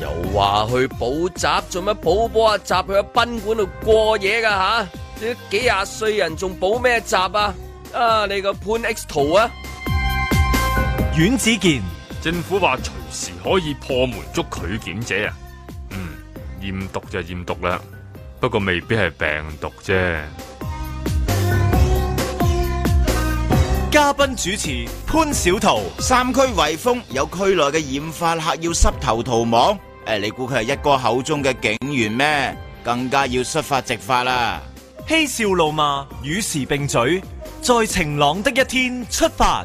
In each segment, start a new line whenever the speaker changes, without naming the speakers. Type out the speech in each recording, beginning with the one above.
又話去補習，做乜補波啊？習去喺賓館度過夜噶吓，你幾廿歲人仲補咩習啊？啊，你個潘 X 濤啊，
阮子健，政府話隨時可以破門捉拒檢者啊。嗯，驗毒就驗毒啦，不過未必係病毒啫。嘉賓主持潘小
桃，三區圍封，有區內嘅染髮客要濕頭逃亡，誒、哎，你估佢係一哥口中嘅警員咩？更加要出發直髮啦，嬉笑怒罵，與時並舉，在晴朗的一天出發。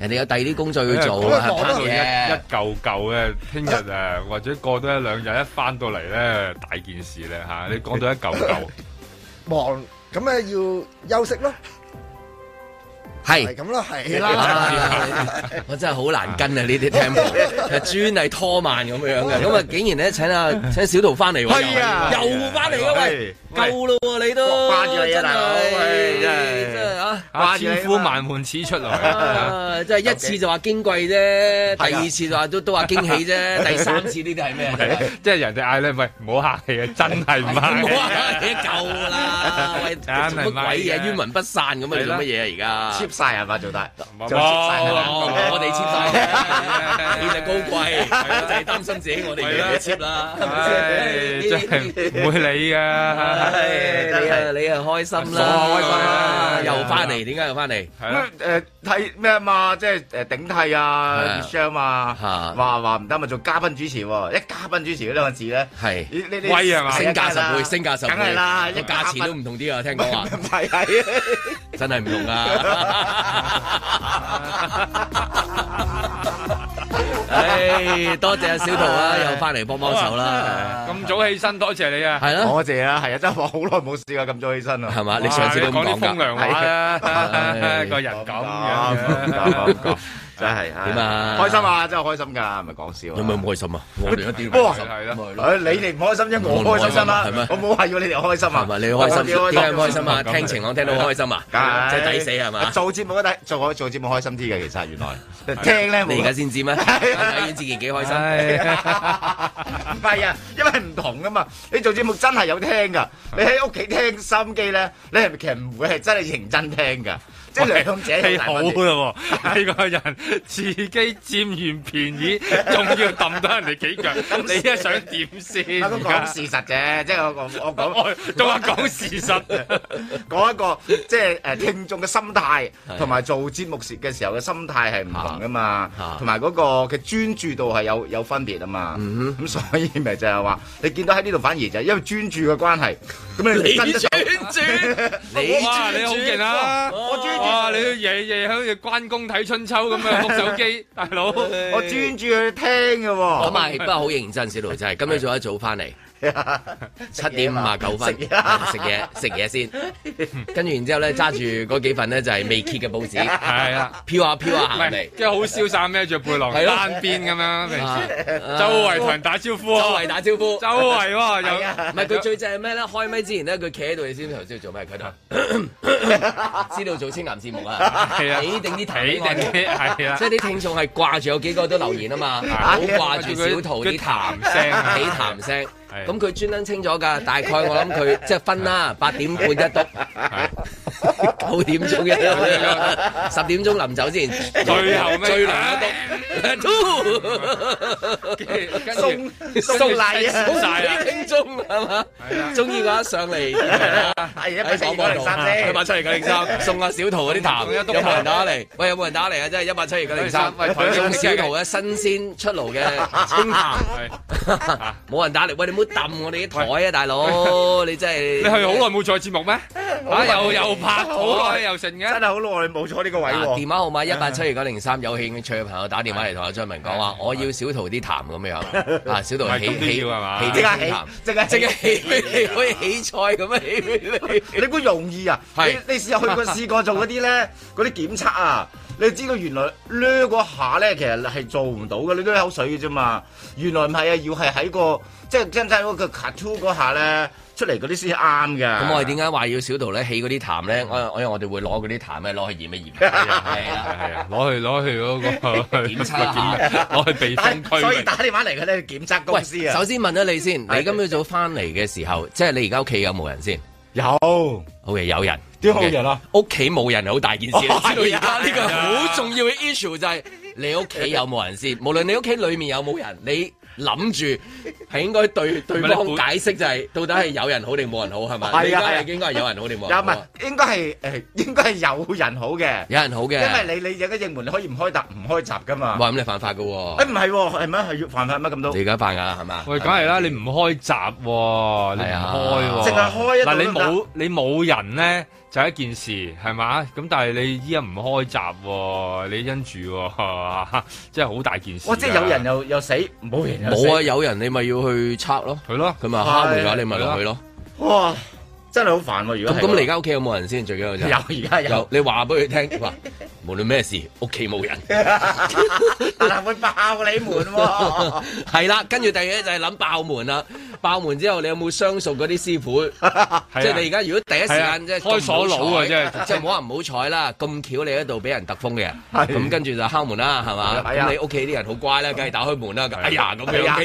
人哋有第二啲工作要做，嗯、啊！啊啊講多、啊、一嚿
嚿嘅。聽日啊或者過多一兩日一翻到嚟咧，大件事咧，啊、嚇，你講到一嚿嚿。 忙咁咧要休息咯。係咁咯，係啦，我真係好難跟啊，呢啲 tempo
專係拖慢咁樣嘅，咁啊竟然咧請啊，請小桃翻嚟，係啊又翻嚟啊喂，夠咯你都，翻咗真係，真係啊千呼
萬喚始出來，
真係一次就話矜貴啫，第二次就話都都話驚喜啫，第三次呢啲係咩？
即係人哋嗌咧，喂唔好客氣啊，真係唔好
客氣，夠啦喂，乜鬼嘢，冤魂不散咁啊？你做乜嘢啊而家？晒啊嘛，做大，就黐曬啦。我哋黐曬，你就高貴就係擔心自己。我哋唔黐啦，即係唔會理嘅。你啊，你啊，開心啦，開心啦。又翻嚟，點解又翻嚟？
誒睇咩啊嘛？即係誒頂替啊，協商啊嘛。話話唔得咪做嘉賓主持喎。一嘉賓主持嗰啲字咧，係貴啊嘛，升價十倍，升價十倍，梗係啦，價錢都
唔同啲啊。聽講話係係。真係唔同㗎，唉、 哎，多謝阿、啊、小桃啊，哎、又翻嚟幫幫手啦。咁、啊、早起身，多謝你啊。係咯、啊，多謝
啊，
係啊，真係好耐冇試過咁早起身啊，係嘛吧，哇你上次都講緊。講啲風涼話啦、啊
啊
哎，個人咁樣 真係點啊！
開心啊！
真係開心㗎，唔係講笑。有
冇咁開心啊？我哋一啲都
唔開心。你哋唔開心啫，我開心啦，係咪？我冇話要你哋開心啊！係咪你要開心？幾開心啊？聽情講聽到開心啊！真係抵死係嘛？做節目都抵做，做節目開心啲嘅其實原來。聽咧，你而家先知
咩？睇完自己
幾開心。唔係啊，因為唔同噶嘛。你做節目真係有聽噶，
你喺屋企
聽收音機咧，你係其實唔會係真係認真聽噶。即係兩者係、哎、好嘅
喎，啊，呢個人自己佔完便宜，仲 要抌得人哋幾腳。咁 你一想點先？我講事
實嘅，即係我我講，我仲講講事實嘅，講一個即係誒聽眾嘅心態，同埋 做節目時嘅時候嘅心態係唔同噶嘛，同埋嗰個嘅專注度係有有分別啊嘛。咁、嗯、所以咪就係話，你見到喺呢度反而就係因為專注嘅關係。咩？你專注，你專注，哇！你好勁啊！我專注，啊！你
日日好似關公睇春秋咁樣撲手機，大佬，我專注
去聽嘅喎。唔係，不過好認真，小路仔，今你做一早翻嚟。七點五啊九分，食嘢，食嘢先，跟住然之後咧揸住嗰幾份咧就係未揭嘅報紙，係啊，飄啊飄啊，跟住
好瀟灑孭
着背囊單邊
咁樣，周圍同人打招呼，周圍打招呼，周圍喎，唔係佢最
正係咩咧？開咪之前咧，佢企喺度，你先唔知頭先做咩？佢度，知道做晴朗節目啊，啊，起定啲題，係啊。即係啲聽眾係掛住有幾個都留言啊嘛，好掛住小圖啲談聲，起談聲。咁佢 專登清咗㗎，大概我諗佢 即係分啦，八 點半一讀。九點鐘嘅，十點鐘臨走前，最後最難一棟，送送禮啊，送晒啦，傾鐘係嘛，中意，我上嚟，喺廣播度，一八七二九零三，送阿小桃嗰啲痰，有冇人打嚟？喂，有冇人打嚟啊？真係一八七二九零三，喂，送小桃嘅新鮮出爐嘅清痰，冇人打嚟，喂，你唔好抌我哋啲台啊，大佬，你真係，你係好耐冇做節目咩？啊，又又拍。好耐又
成嘅，真係好耐，你
冇
坐呢個位喎。電話號碼一八七二九零三，有興趣嘅朋友打電話嚟同阿張文講話，我要小塗啲痰咁樣，啊少塗起起，係嘛？即係起，即係即係起起可以起菜咁樣起
俾你。你估容易啊？你試入去過試過做嗰啲咧，嗰啲檢測啊，你知道原來嗰下咧其實係做唔到嘅，你攞口水嘅啫嘛。原來唔係啊，要係喺個即係真真嗰個卡吐嗰下咧。出嚟
嗰啲先啱㗎，咁我哋點解話要小道咧起嗰啲痰咧？我我因為我哋會攞嗰啲痰咧攞去驗一驗，係啊係啊，攞去攞去嗰個檢測下，攞 去避風 所以打電話嚟嘅咧檢測公司啊。首先問咗你先，你今日早翻嚟嘅時候，即係你而家屋企有冇人先？有，OK，有人。啲好人啊，屋企冇人好大件事， 知道而家呢個好重要嘅 issue 就係、是、你屋企有冇人先？ 無論你屋企裏面有冇人，你。諗住係應該對對方解釋就係到底係有人好定冇人好係咪？係啊係，應該係有人好定冇？有，唔係應該係誒應該有人好嘅，
有人好嘅，因為你你有啲應門，你可以唔開閘唔開閘噶嘛？哇
咁你犯法噶喎？
誒唔係係咩
係要犯法咩咁多？你而家犯啊係嘛？喂梗係啦，你唔開閘，你唔開，淨係開一嗱你冇你冇人咧。就一件事係嘛，咁但係你依家唔開閘、喎，你因住、喎，即係好大件事。即係有人又
又死，
冇人冇啊！有人你咪要去拆咯，佢咯，咁咪敲你咪落去咯。哇！真係好煩，如果咁你而家屋企有冇人先？最緊要就是、 有人，有，而家有你話俾佢聽。無論咩事，屋企冇人，嗱 會爆你門，係 啦，跟住第二就係諗爆門啦。爆門之後，你有冇相熟嗰啲師傅？ 即
係你而家如果第一時間即係開鎖佬啊，即係即係冇人
好彩啦。咁巧你喺度俾人突風嘅，咁 的跟住就敲門啦，係嘛？ 你屋企啲人好乖啦，梗係打開門啦。哎呀咁樣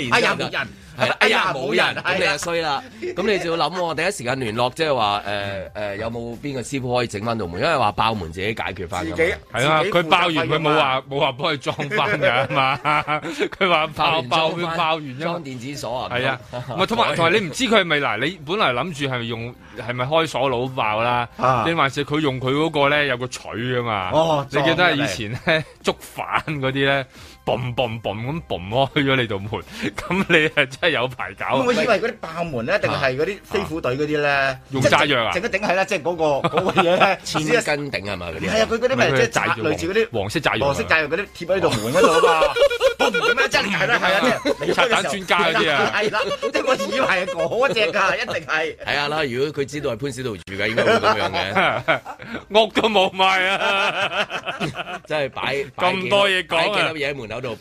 哎呀，哎呀冇人，哎呀冇人，咁、 哎、 你就衰啦。咁你就要諗，我第一時間聯絡，即係話誒誒，有冇邊個師傅可以整翻度門？因為話爆門自己解決翻。自己。係 啊，佢爆完佢冇話
冇話幫佢裝翻噶嘛，
佢話
爆爆爆完裝電子鎖啊。係啊，唔係同埋同埋你唔知佢係咪嗱？你本來諗住係用係咪開鎖佬爆啦？定，啊、還是佢用佢嗰個咧有個錘啊嘛？哦，你，你記得係以前咧 捉犯嗰啲咧。嘣嘣嘣咁嘣開咗你度門，咁你係真係有排搞。我以為嗰
啲爆門咧，定係
嗰啲飛虎隊
嗰啲咧，用炸藥啊？整啲頂起啦，即係嗰個嗰個嘢，千斤
頂係嘛嗰啲？係
啊，佢嗰啲咪即係類似嗰啲黃色炸藥。黃色炸藥嗰啲貼喺呢道門嗰度啊嘛。
咁點樣
真係？係啊，
拆彈專家嗰啲啊。
係啦，即係我以為嗰隻㗎，一定係。係啊，啦，
如果佢知道係潘小濤住嘅應該會咁樣嘅。屋都冇賣啊，真係擺咁多嘢講啊，嘢門喺度，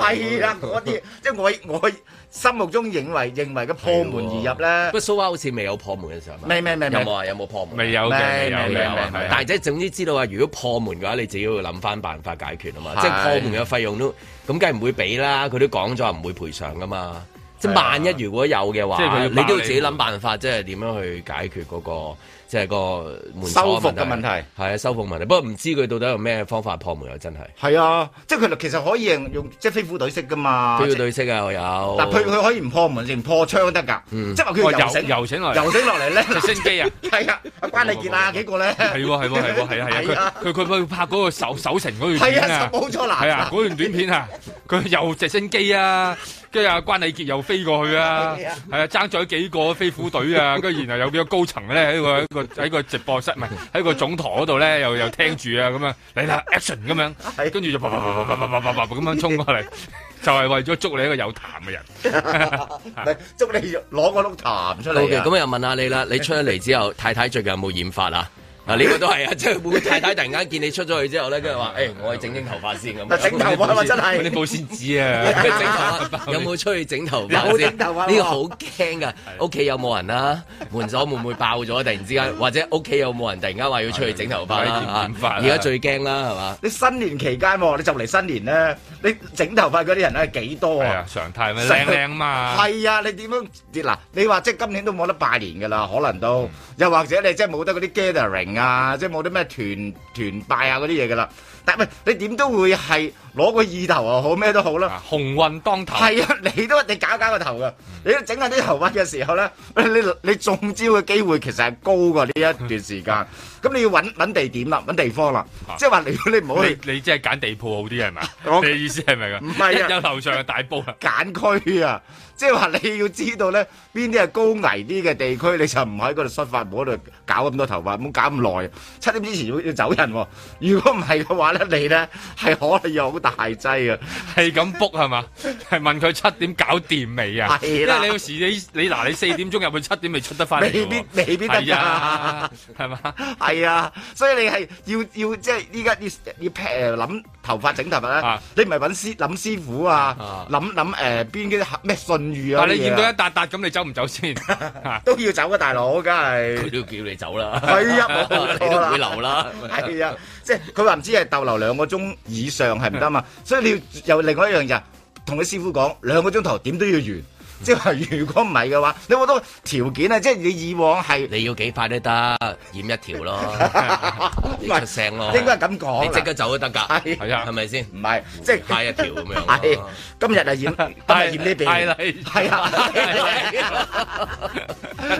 係啊！ 嗰啲即係我我心目中認為認為嘅破門而入咧，不過蘇華好似未有
破門嘅時候，未未有冇有冇破門？未有嘅，未有未有。但係即係總之知道啊，如果破門嘅話，你自己要諗翻辦法解決啊嘛，的嘛。即係破門嘅費用都咁梗係唔會俾啦。佢都講咗唔會賠償噶嘛。即係萬一如果有嘅話，的你都要自己諗辦法，即係點樣去解決嗰個。即係個門修復嘅問題，係啊修復問題。不過唔知佢到底用咩方法破門啊？真係
係啊，即係佢其實可以用即係飛虎隊式噶嘛。飛虎隊式
啊，我有嗱，佢可以唔破門，淨破窗得噶。即係話佢游繩遊落嚟，游
繩落嚟咧。直升機啊，係啊，阿關禮傑啊幾個咧。係
喎，係喎，係喎，係啊係啊！佢佢佢拍嗰個守守城嗰段係啊冇錯啦。係啊，嗰段短片啊，佢又直升機啊。跟住阿關禮傑又飛過去啊，係啊，爭咗幾個飛虎隊啊，跟住然後有幾個高層咧喺個喺個喺個直播室，唔係喺個總台嗰度咧，又又聽住啊咁樣嚟啦，action 咁樣，跟住就叭叭叭叭叭叭叭叭咁樣衝過嚟，就係為咗
捉你一個有痰嘅人
嚟，捉你攞個碌痰出嚟。OK，咁
又
問下你啦，你出咗嚟之後太太最近有冇染髮啊？嗱呢個都係啊，即係會唔會太太突然間見你出咗去之後咧，跟住話：誒，我去整整頭髮先咁。嗱，整頭髮喎，真係嗰啲保鮮紙啊，有冇出去整頭髮先？有整頭髮。呢個好驚噶，屋企有冇人啊？門鎖會唔會爆咗？突然之間，或者屋企有冇人突然間話要出去整頭髮啦？而家最
驚啦，係嘛？你新年期間，你就嚟新年咧，你整頭髮嗰啲人係幾多啊？常態咩？靚靚嘛？係啊，你點樣？嗱，你話即係今年都冇得拜年噶啦，可能都又或者你即係冇得嗰啲 gathering。啊！即係冇啲咩團團拜啊嗰啲嘢噶啦，但係你點都會係？攞個意頭啊，好咩都好啦，鴻運當頭。係啊，你都一定搞搞個頭噶，你整下啲頭髮嘅時候咧，你你中招嘅機會其實係高過呢一段時間。咁、啊啊、你要揾揾地點啦，揾地方啦。即係話，如
果你唔好你你即係揀地鋪好啲係咪，你意思係咪 啊？唔係啊，有樓上係大煲啊。
揀區啊，即係話你要知道咧，邊啲係高危啲嘅地區，你就唔喺嗰度刷髮，唔好喺度搞咁多頭髮，唔好搞咁耐。七點之前要走人喎。如果唔係嘅話咧，你咧係可能有。大劑啊，係咁 book 係嘛？係
問佢七點搞掂未啊？係啦，因為你有時你你嗱，你四點鐘入去，七點未出得翻嚟喎。未必，未
必得㗎，係嘛？係啊，所以你係要要即係依家要要劈諗頭髮整頭髮咧，你唔係揾師諗師傅啊，諗諗誒邊啲咩信譽啊？但你見到一
笪笪咁，你走唔走先？
都要走啊，大佬，梗係佢都要叫你走啦。係啊，你都唔會留啦。係啊。即係佢話唔知係逗留兩個鐘以上係唔得嘛， 所以你要有另外一樣嘢同啲師傅講兩個鐘頭點都要完。即係如果唔係嘅話，你好多條件啊！即係你以
往係你要幾快都得，染一條咯，唔係出聲咯，應該咁講。你即刻走都得㗎，係啊，係咪先？唔係，即係派一條咁樣。今日啊染，今日染呢邊。係啊。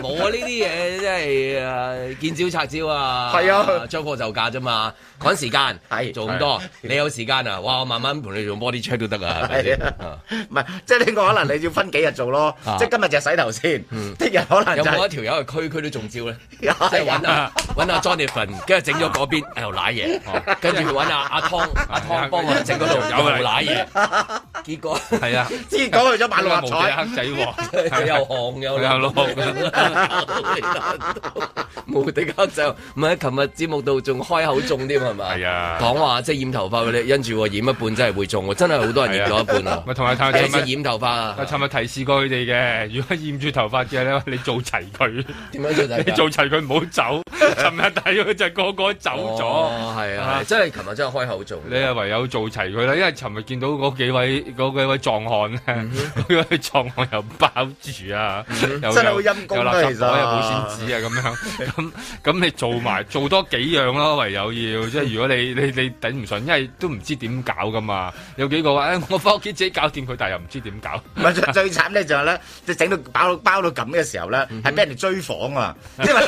冇呢啲嘢即係啊見招拆招啊，係啊，將貨就價啫嘛，趕時間，做咁多。你有時間啊，哇，我慢慢陪你做 body check 都得啊。
係啊，唔係即係你可能你要分幾日做即係今日就洗頭先，聽日、啊嗯、可能、就係、有冇一
條友係區區都中招咧。 人即係揾啊，揾阿、 啊、Jonathan，跟住整咗嗰邊又瀨嘢，跟住去揾阿阿湯，阿湯幫我整嗰度又瀨嘢。結果係啊，之前講去咗馬六甲，無敵黑仔王，又紅又又綠，無敵黑仔，唔係，琴日節目度仲開口中添係嘛？係啊，講話即係染頭髮嗰啲，因住染一半真係會中，真係好多人染咗一半啊！咪同埋，太爺
染頭髮啊！咪琴日提示過佢哋嘅，如果染住頭髮嘅咧，你做齊佢，點
樣做齊？你做齊佢唔好走。琴日睇咗就個個走咗，係啊！真係琴日真係開口中，
你係唯有做齊佢啦，因為琴日見到嗰幾位。嗰個位壯漢咧，嗰位壯漢又包住啊，又真係好陰功，又冇線紙啊，咁樣咁咁你做埋做多幾樣咯，唯有要即係如果你你你頂唔順，因為都唔知點搞噶嘛。有幾個話誒，我翻屋企自己搞掂佢，但係又唔知點搞。唔係最最慘咧，就係咧，即係整到包到包到咁嘅時候咧，係俾人哋追訪
啊，
因為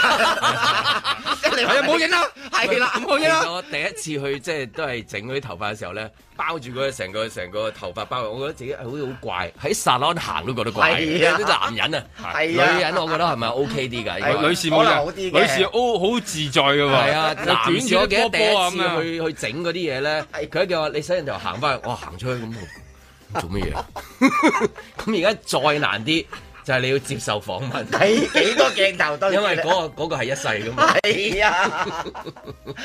冇影啦，係啦，冇影啦。我
第一次去即係都係整嗰啲頭髮嘅時候咧，包住佢成個成個頭髮包。我覺得自己好似好怪，喺 salon 行都覺得怪。係是啊，啲男人啊，係是、啊、女人我覺得係咪 OK 啲噶？哎、呦為女士冇噶，好女士 O
好，好自
在噶嘛。係啊，短住咗幾波屌咁啊，去去整嗰啲嘢咧。佢一叫話你洗完頭就行翻去，我行、 哦、出去咁做乜嘢？咁而家再難啲。就係你要接受訪問，幾
多鏡頭都因為嗰個
嗰個係一世噶嘛。係啊，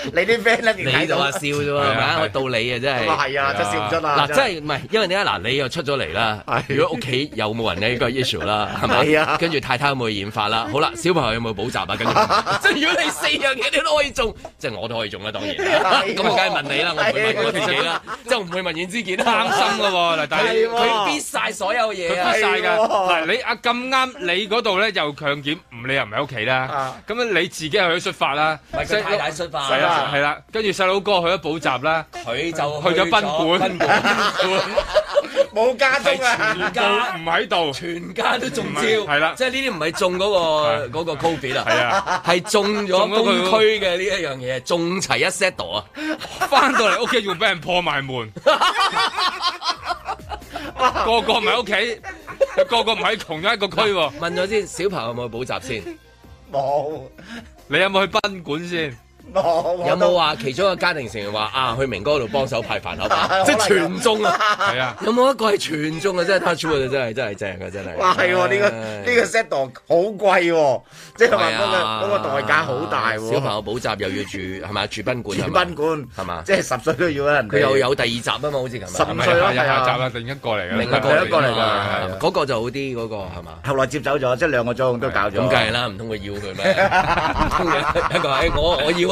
你啲 friend 咧你就話笑啫喎，係咪啊？道理啊真係。咁啊係啊，真係笑唔出啦。嗱，真係唔係因為你解嗱？你又出咗嚟啦？如果屋企有冇人咧，應該 usual 啦，係咪啊？跟住太太有冇染髮啦？好啦，小朋友有冇補習啊？跟住即係如果你四樣嘢你都可以中，即係我都可以中啦。當然咁啊，梗係問你啦，我唔問我自己啦，即係唔會問遠之健，擔心噶喎。但係佢闢曬所有嘢，闢曬㗎。
你咁啱你嗰度咧又強檢，唔理人唔喺屋企啦。咁樣你自己又去咗出發啦，係啦，係啦。跟住細佬哥去咗補習啦，
佢就
去咗賓館，賓館
冇家中啊，全家唔喺度，全家都中招，係啦。即係呢啲唔係中嗰個 covid 啊，係啊，係中咗東區嘅呢一樣嘢，中齊一 set 度啊。
翻到嚟屋
企仲俾人破埋門，個個唔喺屋企。個個唔係同一個區、啊、問咗先，小朋友有冇去補習先？
冇有，
你有冇去賓館先？
有冇話其
中一個家庭成員話啊去明哥度幫手派飯盒，即係全中啊！係啊！有冇一個係全中啊？真係 True 真係真係正嘅，真係。哇！係喎，呢個呢個
set 好貴喎，
即係話嗰個代價好大喎。小朋友補習又要住，係咪住賓館？住賓館係嘛？即
係十歲都要喺人。佢又有
第二集啊嘛？好似近。十五歲咯，係啊！下集啊，另一個嚟嘅。另一個過嚟啦，係啊！
嗰個就好啲，嗰個係嘛？後來接走咗，即係兩個鐘都搞咗。咁梗係啦，
唔通佢要佢咩？一個我，我要。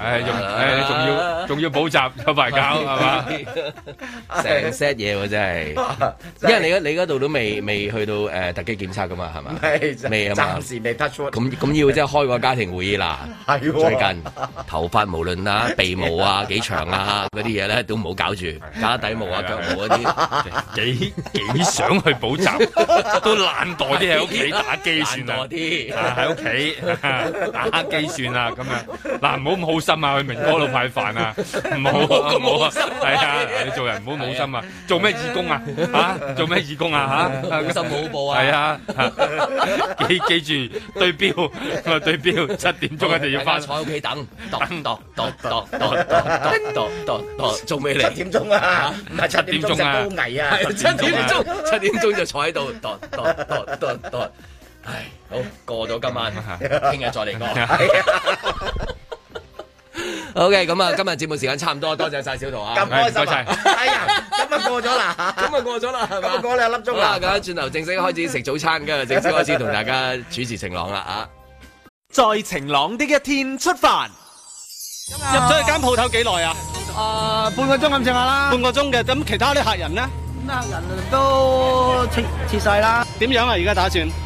唉，仲要仲要補習有排搞係嘛？成 set 嘢喎真係，因為你嗰你度都未未去到誒突擊檢測㗎嘛係嘛？未啊嘛，暫時
未 touch 到，咁咁
要即係開個家庭會議啦。最近頭髮無論啦，鼻毛啊幾長啊嗰啲嘢咧都唔好搞住，打底毛啊腳毛嗰啲。
幾幾想去補習都懶惰啲喺屋企打機算啦。啲喺屋企打機算啦，咁啊嗱，唔好咁好。心啊，去明哥度派飯啊，唔好冇心啊，係啊，你做人唔好冇心啊，做咩義工啊，吓，做咩義工啊，吓，去拾舞步啊，係啊，記記住對表，對表，七點鐘一定要返，坐屋企
等，等。踱踱踱踱踱踱踱踱踱，做咩嚟？七點鐘啊，唔係七點鐘啊，好危啊，七點鐘，七點鐘就坐喺度踱踱唉，好過咗今晚，聽日再嚟講。Ok，咁啊，今日節目時間差唔多，多謝晒小桃啊！咁開心啊！哎呀，咁啊過咗啦，咁啊過咗啦，係咪啊？過咗兩粒鐘啦！好啦，咁轉頭正式開始食早餐，跟住正式開始同大家主持晴朗啦啊！在晴朗的一天出發，入
咗去間鋪頭幾耐啊？
啊，半
個鐘咁上下啦，半個鐘嘅。咁其他啲客人咧？客人都切切晒啦。點樣啊？而家打算。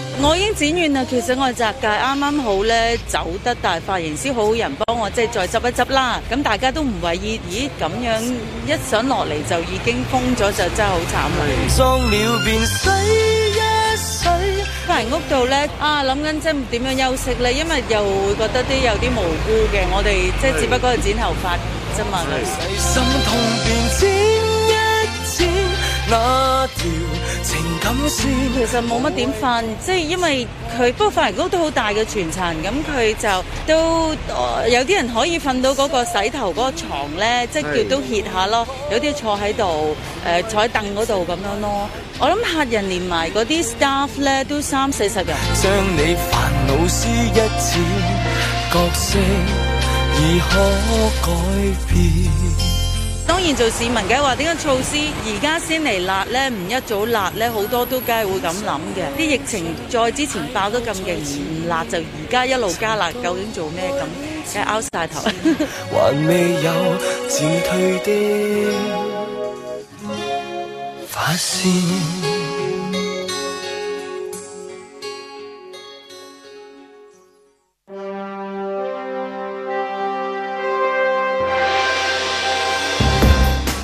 我已經剪完啦，其實我紮嘅啱啱好咧，走得，但係髮型師好好人幫我即係再執一執啦，咁大家都唔為意，咦，咁樣一諗，落嚟，就已經封咗，就真係好慘喇！翻入屋度咧啊，諗緊即係點樣休息咧，因為又會覺得啲有啲無辜嘅，我哋即係只不過係剪頭髮啫嘛。情感線其實冇乜點瞓，即係因為佢不過髮型屋都好大嘅，全層，咁佢就都有啲人可以瞓到嗰個洗頭嗰個床咧，即係叫都歇下咯。有啲坐喺度，誒坐喺凳嗰度咁樣咯。我諗客人連埋嗰啲 staff 咧都三四十人。
將你煩惱
撕一次，角色已可改變。
當然做市民嘅話，點解措施而家先嚟辣咧？唔一早辣咧，好多都梗係會咁諗嘅。啲疫情再之前爆得咁勁，而唔辣就而家一路加辣，究竟做咩咁？梗係拗晒頭。
還未有自退的髮線。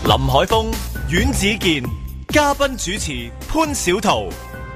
林海峰、阮子健、嘉賓主持潘小桃，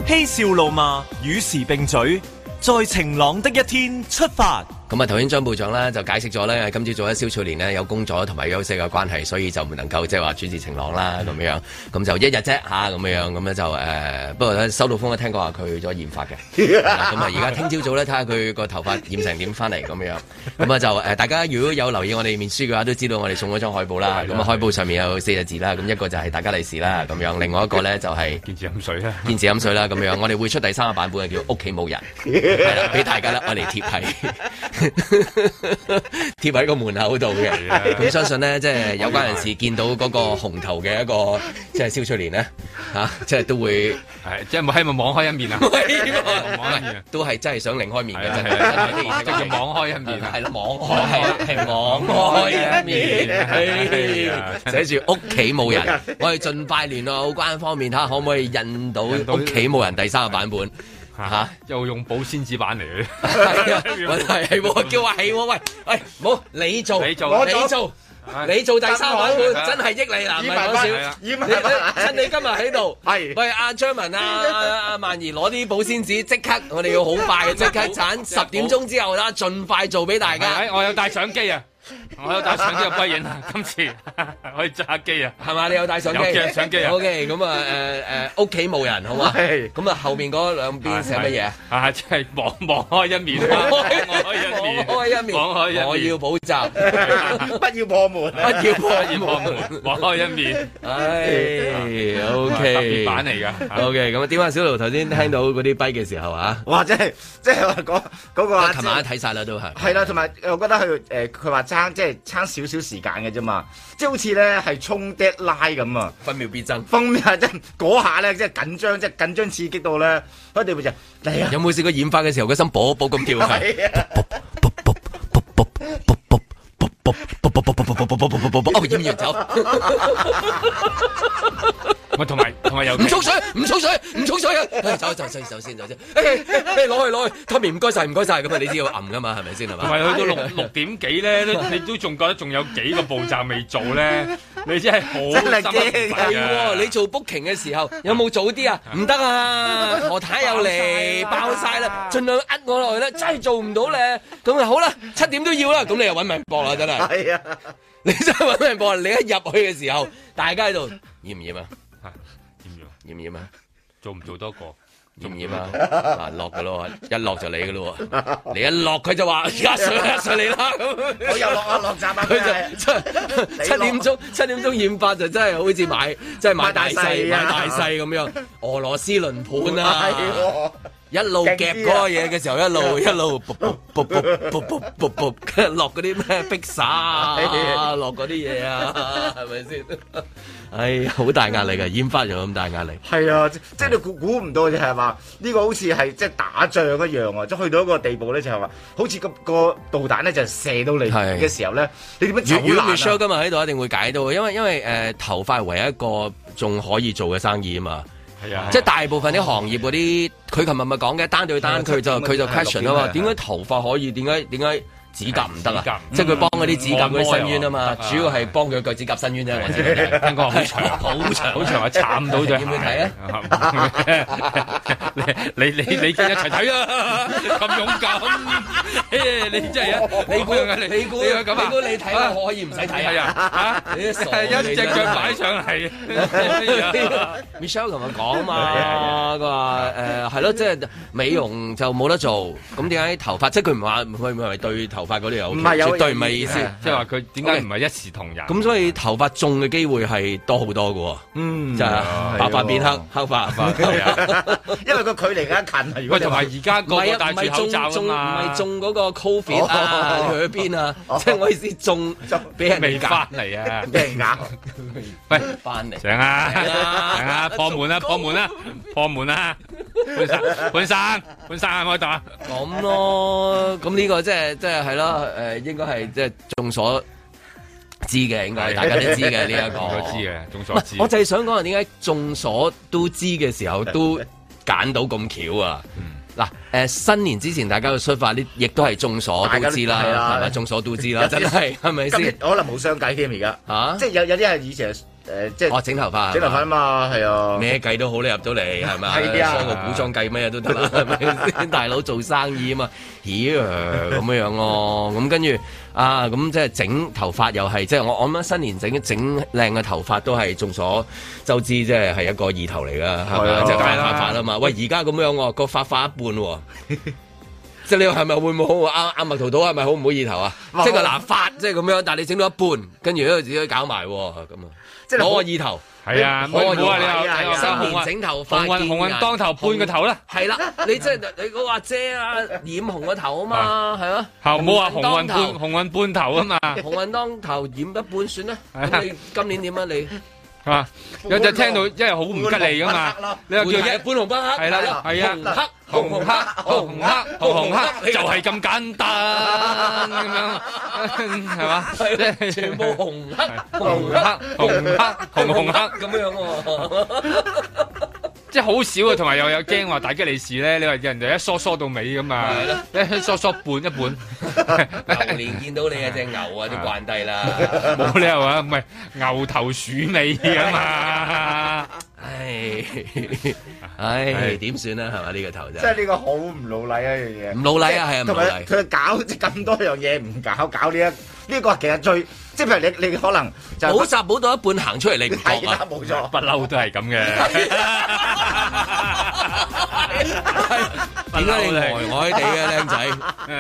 嬉笑怒罵，與時並舉，在晴
朗的一天出發。咁啊，頭先張部長咧就解釋咗咧，今朝早咧蕭翠蓮呢有工作同埋休息嘅關係，所以就唔能夠即係話主持晴朗啦，咁樣，咁就一日啫吓，咁樣，咁咧就誒，不過收到風啊，聽講話佢在染髮嘅，咁啊，而家聽朝早咧睇下佢個頭髮染成點翻嚟，咁樣，咁啊就誒，大家如果有留意我哋面書嘅話，都知道我哋送咗張海報啦，咁啊的，海報上面有四隻字啦，咁一個就係大家利是啦，咁樣，另外一個咧就係堅持飲水啦，堅持飲水啦，咁樣， 我哋會出第三個版本嘅叫屋企冇人，係啦，俾 大家啦，我嚟貼題。 貼喺個門口度嘅，咁相信咧，即係有關人士見到嗰個紅頭嘅一個，即係蕭翠蓮咧，吓即係都會係，即係咪？係咪網開一面啊？唔係，都係真係想另開面嘅，真係，叫做網開一面啊！係啦，網開係網開一面，寫住屋企冇人，我哋盡快聯絡有關方面，睇下可唔可以印到屋企冇人第三個版本。吓，又用保鮮紙板嚟嘅，問題係叫我係，喂喂，冇你做，你做，你做，你做第三款，真係益你啦，唔係講笑，趁你今日喺度，係喂阿張文阿阿萬儀攞啲保鮮紙，即刻我哋要好快嘅，即刻鏟十點鐘之後啦，盡快做俾大家。我有帶相機啊。我有帶相機入花園
啊，今次可以揸機啊，係嘛？你有帶相機？有相機。OK，
咁啊，誒誒，屋企冇人，好嘛？係。咁啊，後面嗰兩邊寫乜嘢啊？啊，即係望望開一面。開一面。開一面。望開一面。我要補
習，不要破門。
不要破門，破門。
望開一面。唉，OK。別版嚟噶。OK，咁啊？點解小盧頭先聽到嗰啲碑嘅時候啊？哇，即係即係話嗰嗰個。我琴晚睇晒啦，都係。
係啦，同埋我覺得佢誒，佢話爭。即係差少少時間嘅啫嘛，即係好似咧係衝 deadline 咁啊，分秒必爭，分秒必爭嗰下咧，即係緊張，即係緊張刺激到咧，一定會成嚟。
有冇試過染髮嘅時候，個心搏搏咁跳啊？係啊！搏搏搏唔同埋，同埋又唔沖水，唔沖水，唔沖水啊！走走先，走先，走先。嚟攞去攞去，Tommy 唔該曬，唔
該曬咁啊！你都要揞噶嘛，係咪先係嘛？唔係去到六六點幾咧，你都仲覺得仲有幾個步驟未做咧？你真係好失敗啊！你
做 booking 嘅時候有冇早啲啊？唔得啊！何太又嚟爆曬啦！儘量呃我落去啦，真係做唔到咧。咁啊好啦，七點都要啦。咁你又揾命搏啦，真係。係啊，你真係揾命搏啊！你一入去嘅時候，大家喺度熱唔熱啊？嚴唔嚴啊？做唔做多個？嚴唔嚴啊？落嘅咯，一落就嚟嘅咯，你一落佢就話而家上，而家上嚟啦。
我又落啊，落閘啊，佢就七你
下 七點鐘我七點鐘染髮就真係好似買，真係買大細買大細咁樣，俄羅斯輪盤啊。一路夾嗰個嘢嘅時候，一路一路落嗰啲咩披薩，落嗰啲嘢啊，係
咪先？
哎，好大壓力嘅，煙花又有咁大壓力。係
啊，即係你估唔到嘅係嘛？呢個好似係即係打仗一樣啊！即去到一個地步咧，就係話好似個個導彈咧就射到你嘅時候咧，你點樣走難啊？越越越 s h o r
今日喺度一定會解到，因為因為誒頭髮唯一個仲可以做嘅生意啊嘛。即係大部分啲行業嗰啲，佢琴日咪講嘅單對單，佢就佢就 question 啊嘛，點解頭髮可以，點解點解？是的 指甲唔得啦，即係佢幫嗰啲指甲嗰啲伸冤啊嘛，主要係幫佢腳趾甲伸冤啫。聽講好長？好長？好長啊！慘到啫。要睇啊？你你
你一齊睇啊！咁勇敢，你真係啊！你估啊？你
估？你估咁啊？你估你睇，我可以唔使睇啊！你一隻腳擺上
嚟。Michelle 同佢講嘛，佢話誒係咯，即係美容就冇得做，咁點解頭髮？即係佢唔話唔係唔係對頭？頭髮嗰啲又唔係有，絕對唔係意思，即係話佢點解唔係一視同仁？咁所以頭髮中嘅機會係多好多嘅，嗯，就白髮變黑，
黑髮白，因為個距離而家近，如果同埋而家個戴住口罩啊，唔係中
嗰個 Covid 啊，去邊啊？即係我意思，中就俾人未翻嚟啊，俾人咬，未翻嚟。成啊，成啊，破門啊，破門啊，破門啊！半山，
半山，半山喺唔喺度啊？咁
咯，咁呢個即係即係。係啦，誒， 應該係即係眾所知嘅，應該大家都知嘅呢一個。 都知嘅，眾所知。 我就係想講係點解眾所都知嘅時候都揀到咁巧 啊？嗱，誒，新年之前大家嘅出發呢，亦都係眾所都知啦，係咪？眾吧、啊啊、所都知啦，真係，係咪先？
可能冇相計添，而家吓。即係有有啲係以前。誒，即係我整頭髮，整頭髮
嘛，係啊，咩計都好你入到嚟係咪？商個古裝計咩都得啦，大佬做生意啊嘛，咦咁樣樣咯，咁跟住啊，咁即係整頭髮又係，即係我我諗新年整整靚嘅頭髮都係眾所周知，即係係一個意頭嚟噶，係嘛，即係發發啊嘛，喂而家咁樣個發發一半，即係你係咪會唔會好啊？啱啊桃係咪好唔好意頭啊？即係嗱發即係咁樣，但係你整到一半，跟住咧自己搞埋咁啊。攞個意頭，係啊，冇沒啊，你又睇啊，新年整頭髮，嗯發紅，紅運紅運當頭，半個頭啦。係啦，你即、就、係、是、你個阿姐啊，染紅個頭啊嘛，係咯、啊。嚇、啊，冇話紅運半、啊、紅
運半頭啊嘛。啊紅
運當，當頭染得半算啦。啊、你今年點啊你？
啊！有就聽到，因為好唔吉利噶嘛。你又叫日本紅不黑，係啦，係啊，紅黑、紅
紅黑、紅黑、紅紅黑，
就係咁簡單咁樣，係嘛？即係全部紅黑、紅黑、紅黑、紅紅黑咁樣。即係好少啊，同埋又有驚話大吉利是咧，你話人哋一梳梳到尾咁啊， 一梳梳半一半 ，
年見到你係隻牛啊，都慣低啦，冇、
啊、理由啊，唔係牛頭鼠尾啊嘛，
唉唉點算咧？係嘛，呢個頭
即係呢個
好唔老禮一樣嘢，唔老禮啊，係啊，唔老禮，佢搞咁多樣嘢唔搞，搞呢一呢個其實最。即係譬如你你可
能補習補到一半行出嚟你唔覺，不嬲都係咁嘅。點解你呆呆地嘅靚仔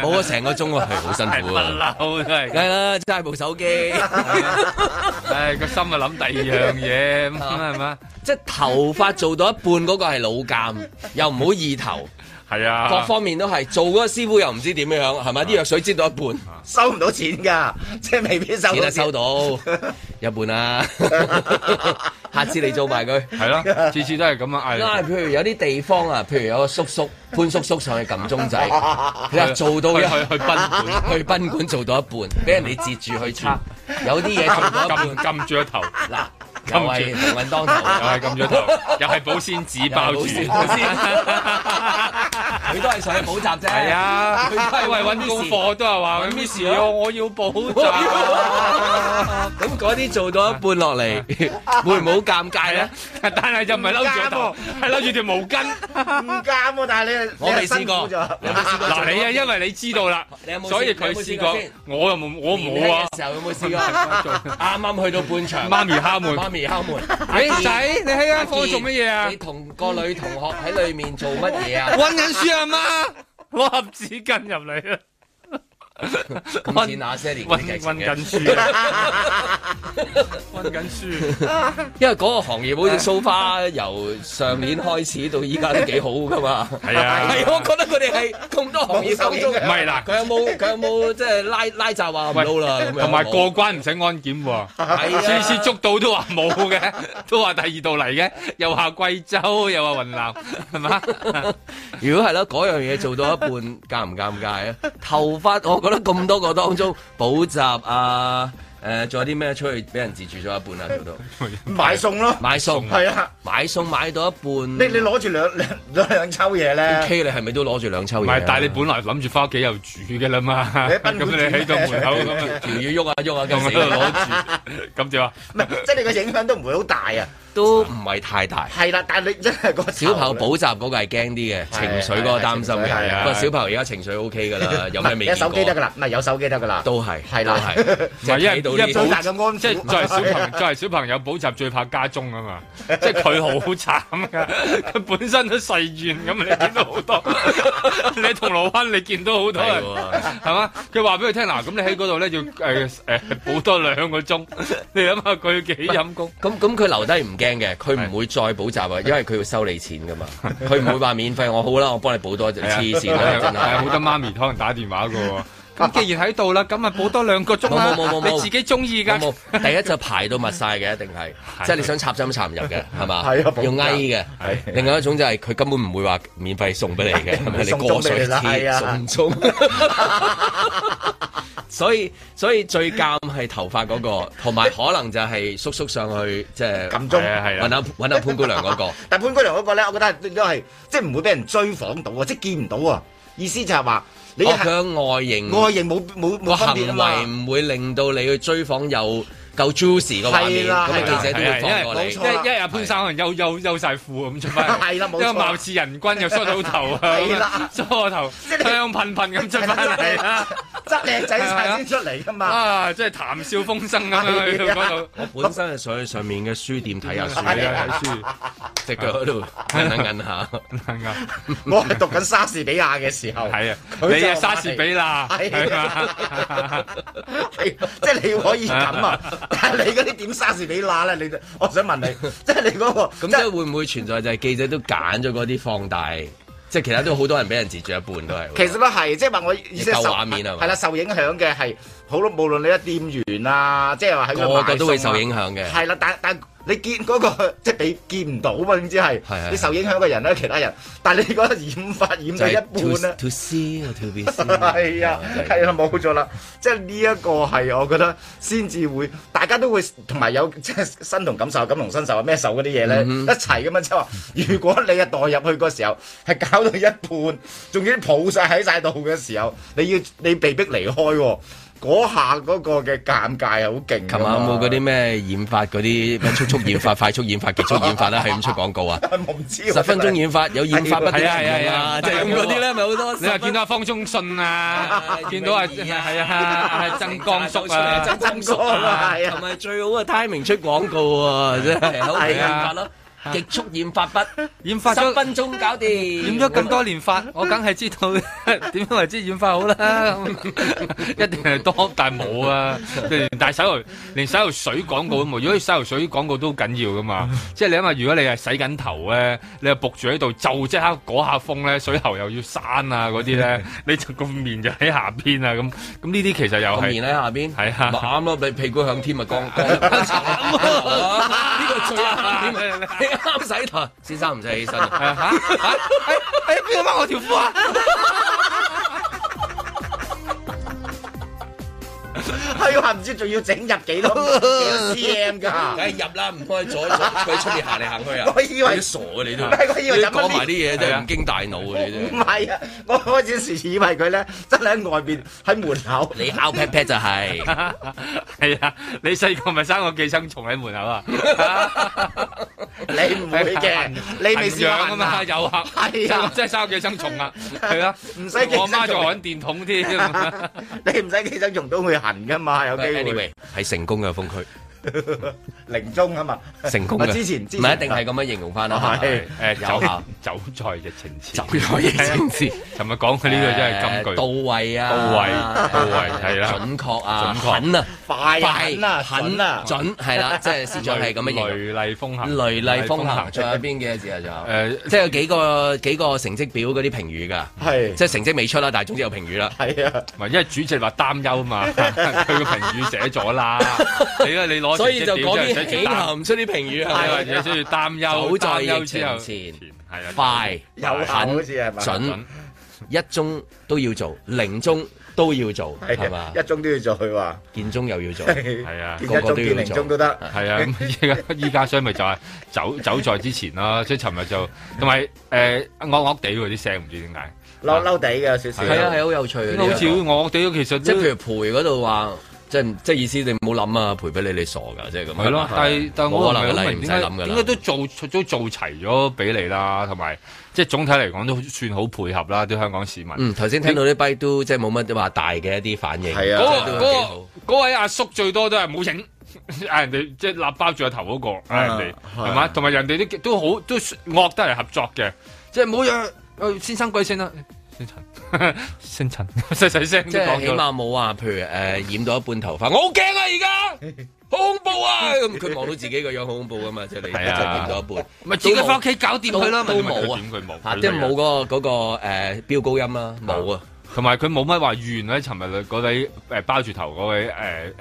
補咗成個鐘喎係好辛苦啊！不嬲都係，梗係啦，揸部手機，誒個心啊諗第二樣嘢咁啊，係咪？即係頭髮做到一半嗰個係腦鑑，又唔好意頭。係啊，各方面都係，做嗰個師傅又唔知點樣，係咪啲藥水擠到一半，收唔到錢噶，即係未必收錢。其實收到一半啦，下次你做埋佢。係咯，次次都係咁樣！啊！哎，嗱，譬如有啲地方啊，譬如有個叔叔潘叔叔上去撳鐘仔，其實做到去去賓館，去賓館做到一半，俾人哋截住去測，有啲嘢做到一半，撳住一頭，嗱，撳住運當頭，又係撳咗頭，又係保鮮
紙包住。
佢都係上去補習啫，係啊，
佢係為揾功
課都係話揾 Miss 喎，
我要補習。咁
嗰啲做到一半落嚟會唔會好尷尬咧？但係就唔係攬住
頭，係攬住條毛巾，
唔尷喎。但係你我未試過，
嗱你啊，因為你知道啦，所以佢試過，我又冇，我冇啊。時候有冇試過？
啱啱去到半場，媽咪敲門，媽咪敲門，仔你喺間房做乜嘢啊？你同個女同學喺裏面做乜嘢啊？溫緊書啊！阿媽，我盒紙巾入嚟啦。似那些年揾揾緊書，揾緊書，因為嗰個行業好似梳化，由上年開始到依家都幾好噶嘛？係啊，係我覺得佢哋係咁多行業當中嘅，唔係啦，佢有冇佢有冇即係拉拉閘啊？唔撈啦，同埋過
關唔使安檢喎，次次捉到都話冇嘅，都話第二度嚟嘅，又話貴州，又
話雲南，係嘛？如果係咯，嗰樣嘢做到一半，尷唔尷尬啊？頭髮我咁多個當中補習啊，誒、呃，仲有啲咩出去俾人自住咗一半啊？嗰度買餸咯，買餸係啊，買餸買到一半，啊你，你 UK, 你攞住兩兩兩抽嘢咧？O K，你係咪都攞住兩抽嘢？但係你本來諗住返屋企
又煮嘅啦嘛。咁你喺度 門口，條魚喐下喐下，喺度攞住，
咁點啊？唔
係、啊，即係你個影響都唔會好大啊。
都唔係太大。
係啦，但係你真係
個小朋友補習嗰個係驚啲嘅，情緒嗰個擔心嘅。不過小朋友而家情緒 OK 嘅
啦，有咩未？有手機得㗎啦，唔係有手機得㗎啦。
都係，係
啦，係。
唔係一張曬咁，即係就係小朋就係小朋友補習最怕加鐘啊嘛，即係佢好慘㗎。佢本身都細願咁，你見到好多。你喺銅鑼灣你見到好多係嘛？佢話俾佢聽嗱，咁你喺嗰度咧要誒誒補多兩個鐘，你諗下佢幾陰功？
咁咁佢留低唔？驚嘅，佢唔會再補習啊，因為佢要收你錢噶嘛，佢唔會話免費。我好啦，我幫你補多黐線啦，真係。好多媽咪可能
打電話噶喎。咁既然喺度啦，咁咪補多兩個鐘。冇冇冇冇，你自己中意噶。
第一就排到密晒嘅，一定係，即係你想插針插唔入嘅，係嘛？用矮嘅。另外一種就係佢根本唔會話免費送俾你嘅，係咪？你過水錢。送唔中。所以所以最尷係頭髮嗰個，同埋可能就係縮縮上去，即係撳鐘，揾下揾下潘姑娘嗰個。但潘姑娘
嗰個咧，我覺得都係即係唔會俾人追訪到啊，即係見唔到啊。
意思就係話你嘅外型，外型冇冇冇分別咯。個行為唔會令到你去追訪又。夠 juicy 個畫面，咁你記者都要放過你，一
一日潘生可又又又晒褲咁出翻，係啦，因為貌似人均又梳到頭啊，梳個頭，香噴噴咁出翻嚟啦，執靚仔晒先出嚟噶嘛，啊，即係談笑風生咁樣去
嗰度，我本身係去上面嘅書店睇下書，睇書，隻腳喺度，摁下摁下，我
係讀緊
莎士比亞嘅時
候，
係啊，你係莎士比亞啦，
係，即係你可以咁啊。
但你嗰啲點沙士比乸咧？你哋，我想問你， 即係你嗰個咁 即係會唔會存在就係記者都揀咗嗰啲放大， 即係其他都好多人俾人截住一半都係。 其實都係，即係話我
意思係受畫面啊，係啦，受影響嘅係好多，無論你係店員啊，即係話喺個個都會受影響嘅，係啦，但但。你見嗰個即係俾見唔到嘛？總之係你受影響嘅人咧，其他人。但係你覺得染髮染到一半咧
，to see or to be see
係啊 的，係啦 的，冇咗啦。即係呢一個係我覺得先至會，大家都會同埋有即係身同感受、感同身受啊！咩受嗰啲嘢咧？Mm hmm. 一齊咁樣即係話，如果你係代入去個時候，係 搞到一半，仲要抱曬喺晒度嘅時候，你要你，要你，要你，要你要被迫離開喎。嗰下嗰個嘅尷尬啊，好勁啊！琴晚有冇嗰
啲咩染髮嗰啲乜速速染髮、快速染髮、急速染髮啦？係咁出廣告啊！
十分鐘
染髮有染髮筆？係啊係啊，就係咁嗰啲咧，
咪好多。你話見到阿方中信啊，
見到啊，係啊，阿曾江叔啊，曾江叔啊，係咪最好嘅 timing 出廣告啊，真係好唔錯。極速染髮筆，染髮咗十分鐘搞掂，染咗咁多年髮，我梗係知道點為之染髮
好
啦。
一
定係多，但係冇啊。但係洗頭，連洗頭水廣告都冇。如果洗頭水廣告都好緊要㗎嘛？即係你諗下，如果你係洗緊頭咧，你又仆住喺度，就即刻嗰下風咧，水喉又要閂啊！嗰啲咧，你就個面就喺下邊啊！咁咁呢啲其實又係面喺下邊，係啊，慘咯！你屁股向天咪光，
慘啊！呢個最危險。唔使抬，先生唔使起身，啊，係啊，喺喺邊個掹我條褲啊？啊
啊啊啊
佢話唔知仲要整入幾多 cm 㗎，梗係入
啦，唔該左左佢出面行嚟行去啊！我以為你傻啊，你都，係我以為入，講埋啲嘢真唔經大腦嘅你真。唔
係啊！我開始時以為佢咧真
係喺外邊，喺門口。你敲 pat pat 就係，係啊！你細個咪生個寄生蟲喺門口啊！你唔會嘅，你未長啊嘛？有啊，係啊，真係生寄生蟲啊！係啊，唔使
寄
生蟲都會行㗎嘛，有機會
係成功嘅風區。
臨終啊嘛，成功啦！之前唔係一定係咁樣
形容翻啦。係誒，有吓走在疫情前，走在疫情前。琴日講佢呢個真係金句到位啊，到位，到位係啦，準確啊，準啊，
快啊，準啊，準係啦，即係始終係咁樣形容。雷厲風行，雷厲風行。仲喺邊幾多字啊？仲誒，即係幾個幾個成績表嗰啲評語噶，係即係成績未出啦，但係總之有評語啦。係啊，因為主席話擔憂嘛，
佢個評
語寫咗啦。
你咧，你
攞。所以就嗰幾行唔出啲評語啊？係啊，要擔憂，好在有前，係啊，快、有效，好似係準，一宗都要做，零宗都要做，係嘛？一宗都要做，佢話建宗又要做，係啊，個個都建零
宗都得，係啊。咁依家依家所以咪就係走走在之前啦。所以尋日就
同埋誒惡惡地喎啲聲，唔知點解
嬲嬲地嘅少少，係啊係好有趣。好似我
惡惡地，其實即譬如培嗰度話。即即意思你唔好諗啊，陪俾你你傻噶，即係咁。係咯的，的但係但係我唔係唔使諗噶啦。應該、嗯、都做都做齊咗俾你啦，
同埋即係總體嚟講都算好配合啦，啲香港市民。嗯，頭先聽到啲碑都即係冇
乜話大嘅一啲反應。
嗰位阿叔最多都係冇影，嗌人哋即係立包住個頭嗰、嗰個，嗌人哋係嘛，同埋人哋都好都惡得嚟合作嘅，即係冇嘢。先生貴姓啦。.
星塵細細聲，即係講，起碼冇啊，譬如誒染到一半頭髮，我好驚啊！而家好恐怖啊！佢望到自己個樣好恐怖噶嘛？即係你齊染到一半，咪自己翻屋企搞掂佢啦，都冇啊！即係冇嗰個嗰個誒飆高音啦，冇啊！同埋佢冇乜
話怨咧，尋日嗰位誒包住頭嗰位誒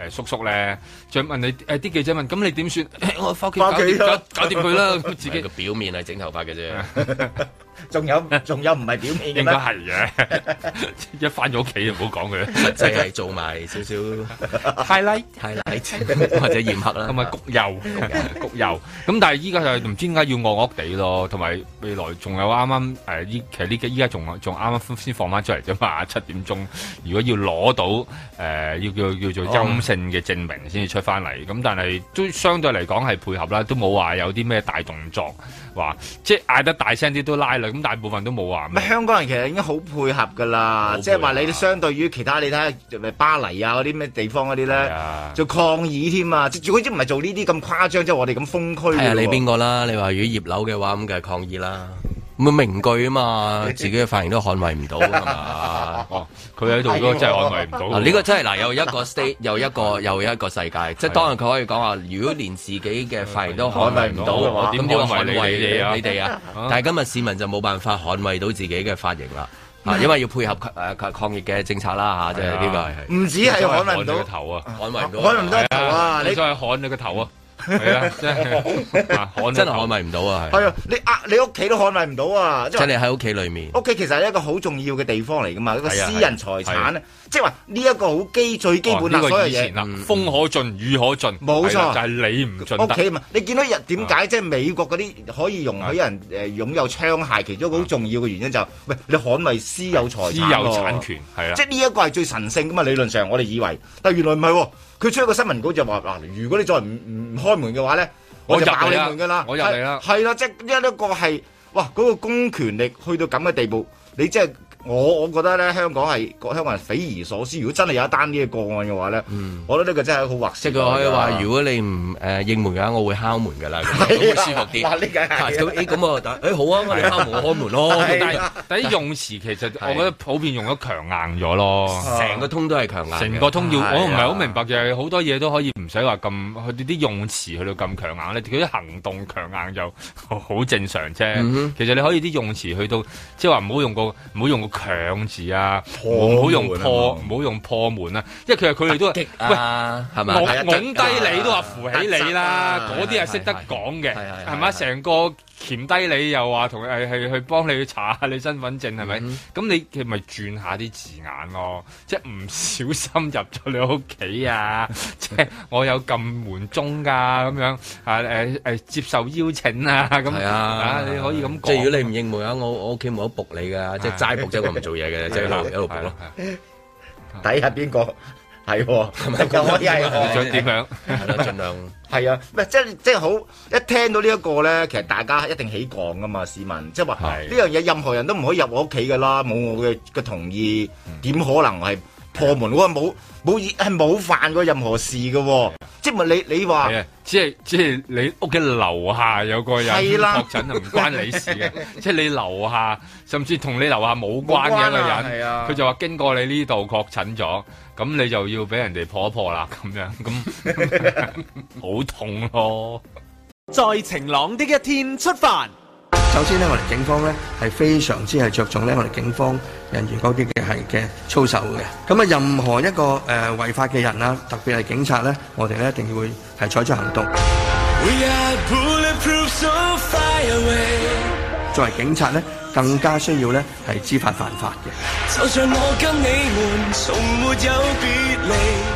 誒叔叔咧，仲問你誒啲記者問，咁你點算？我翻屋企搞掂佢啦，自己個表面係整頭髮嘅啫。
仲有仲有唔係表面嘅，應該係
嘅。啊啊、 一翻咗屋企就唔好講佢，即係做埋少少 highlight 或者染黑啦，同埋焗油、焗油。咁但係依家就唔知點解要惡惡哋咯，同埋未來仲有啱啱誒，依其實呢家依家仲仲啱啱先放翻出嚟啫嘛，七點鐘如果要攞到誒、呃，要叫叫做陰性嘅證明先至出翻嚟。咁、哦、但係都相對嚟講係配合啦，都冇話有啲咩大動作，話即係嗌得大聲啲都拉兩。咁大部分都冇啊！香港人其實已經好配合㗎啦，即係話你相
對於其他你睇下巴黎啊嗰啲咩地方嗰啲咧，做、啊、抗議添啊！最主要唔係做呢啲咁誇張，即係我哋咁風區。係啊，你邊
個啦？你話如果葉劉嘅話，咁梗係抗議啦。名句啊嘛，自己嘅髮型都捍衛唔到㗎嘛。佢喺度都真係捍衛唔到。呢個真係嗱，有一個 state，有一個又一個世界。即係當然佢可以講話，如果連自己嘅髮型都捍衛唔到嘅話，咁點捍衛你哋啊？但係今日市民就冇辦法捍衛到自己嘅髮型啦。啊，因為要配合抗抗疫嘅政策啦吓，即係呢個係。唔止係捍衛到頭啊，捍衛到，捍衛唔到頭啊！你再係捍你個頭啊！係啊， 真係捍衛唔到啊！係，
啊，你啊，你屋企都捍
衛唔到啊！即係你喺屋企裏面，
屋企其實係一個好重要嘅地方嚟噶嘛，是的 一個私人財產咧，即係話呢一個好基最基本、哦，這個、啊，所有嘢啊，
風可進，雨可進，冇錯錯，就係、是、你唔進屋企啊嘛！
你見到日點解即係美國嗰啲可以容許人誒，擁有槍械，其中一個好重要嘅原因就唔、是、喂，你捍衛私有財產，私有產權係啊，即係呢一個係最神聖噶嘛？理論上我哋以為，但係原來唔係，佢出一個新聞稿就話嗱、啊，如果你再唔唔開門嘅話咧，我，我就爆你門噶啦！我入嚟啦，係啦，即係、就是、一個係哇，嗰、那個公權力去到咁嘅地步，你即、就、係、是。我我覺得咧，香港係香港人匪夷所思。如果真係有一單呢個個案嘅話咧，我覺得呢個真係好滑式即可以話：如果你
唔誒應門嘅話，我會敲門嘅啦，咁會舒服啲。咁好啊！敲
門開門咯。但係用詞其實我覺得普遍用咗強硬咗咯。成個通都係強硬。成個通要我唔係好明白嘅，好多嘢都可以唔使話咁啲啲用詞去到咁強硬，佢啲行動強硬就好正常啫。其實你可以啲用詞去到即係話唔好用個唔好用。強字啊，唔好用破，唔好用破門啊，因為其實佢哋都話，喂，係咪？拱低你都話扶起你啦，嗰啲係識得講嘅，係咪？成個鉗低你又話同係係去幫你去查下你身份證係咪？咁你咪轉下啲字眼咯，即係唔小心入咗你屋企啊！即係我有撳門鐘噶咁樣啊誒誒，接受邀請啊咁啊，你可以咁講。即如果你
唔認為啊，我我屋企冇得僕你噶，即係齋我唔做嘢嘅，即係一路一路咯。
底下邊個？係咪又可以係？想點樣？盡量係啊，唔係即係即係好一聽到呢一個咧，其實大家一定起降㗎嘛，市民即係話呢樣嘢，任何人都唔可以入我屋企㗎啦，冇我嘅嘅同意，點可能係？破門我話冇冇係冇犯過任何事嘅、哦啊啊，即係咪你你話？係
即係即係你屋企樓下有個人確診就唔關 你事嘅，即係你樓下甚至同你樓下冇關嘅一個人，佢、啊啊、就話經過你呢度確診咗，咁你就要俾人哋破一破啦，咁樣咁好 痛咯！在 晴朗的一天出發。
首先呢，我哋警方呢係非常之係着重呢，我哋警方人員嗰啲嘅係嘅操守嘅。咁啊，任何一個誒違法嘅人啊，特別係警察呢，我哋呢一定要會係採取行
動。作為
警察呢，更加需要呢係知法犯法嘅。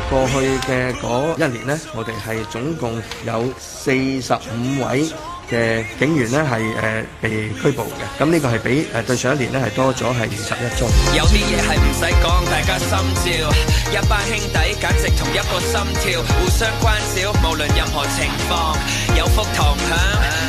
過去嘅嗰一年呢，我哋係總共有四十五位。嘅警員咧係誒被拘捕嘅，咁、嗯、呢、這個係比誒對、呃、上一年咧係多咗係二十一宗。有有
啲嘢係唔使講，大家心心照，照， 一一班兄弟簡直同一個心跳，互相關照，無論任何情況，有福同享。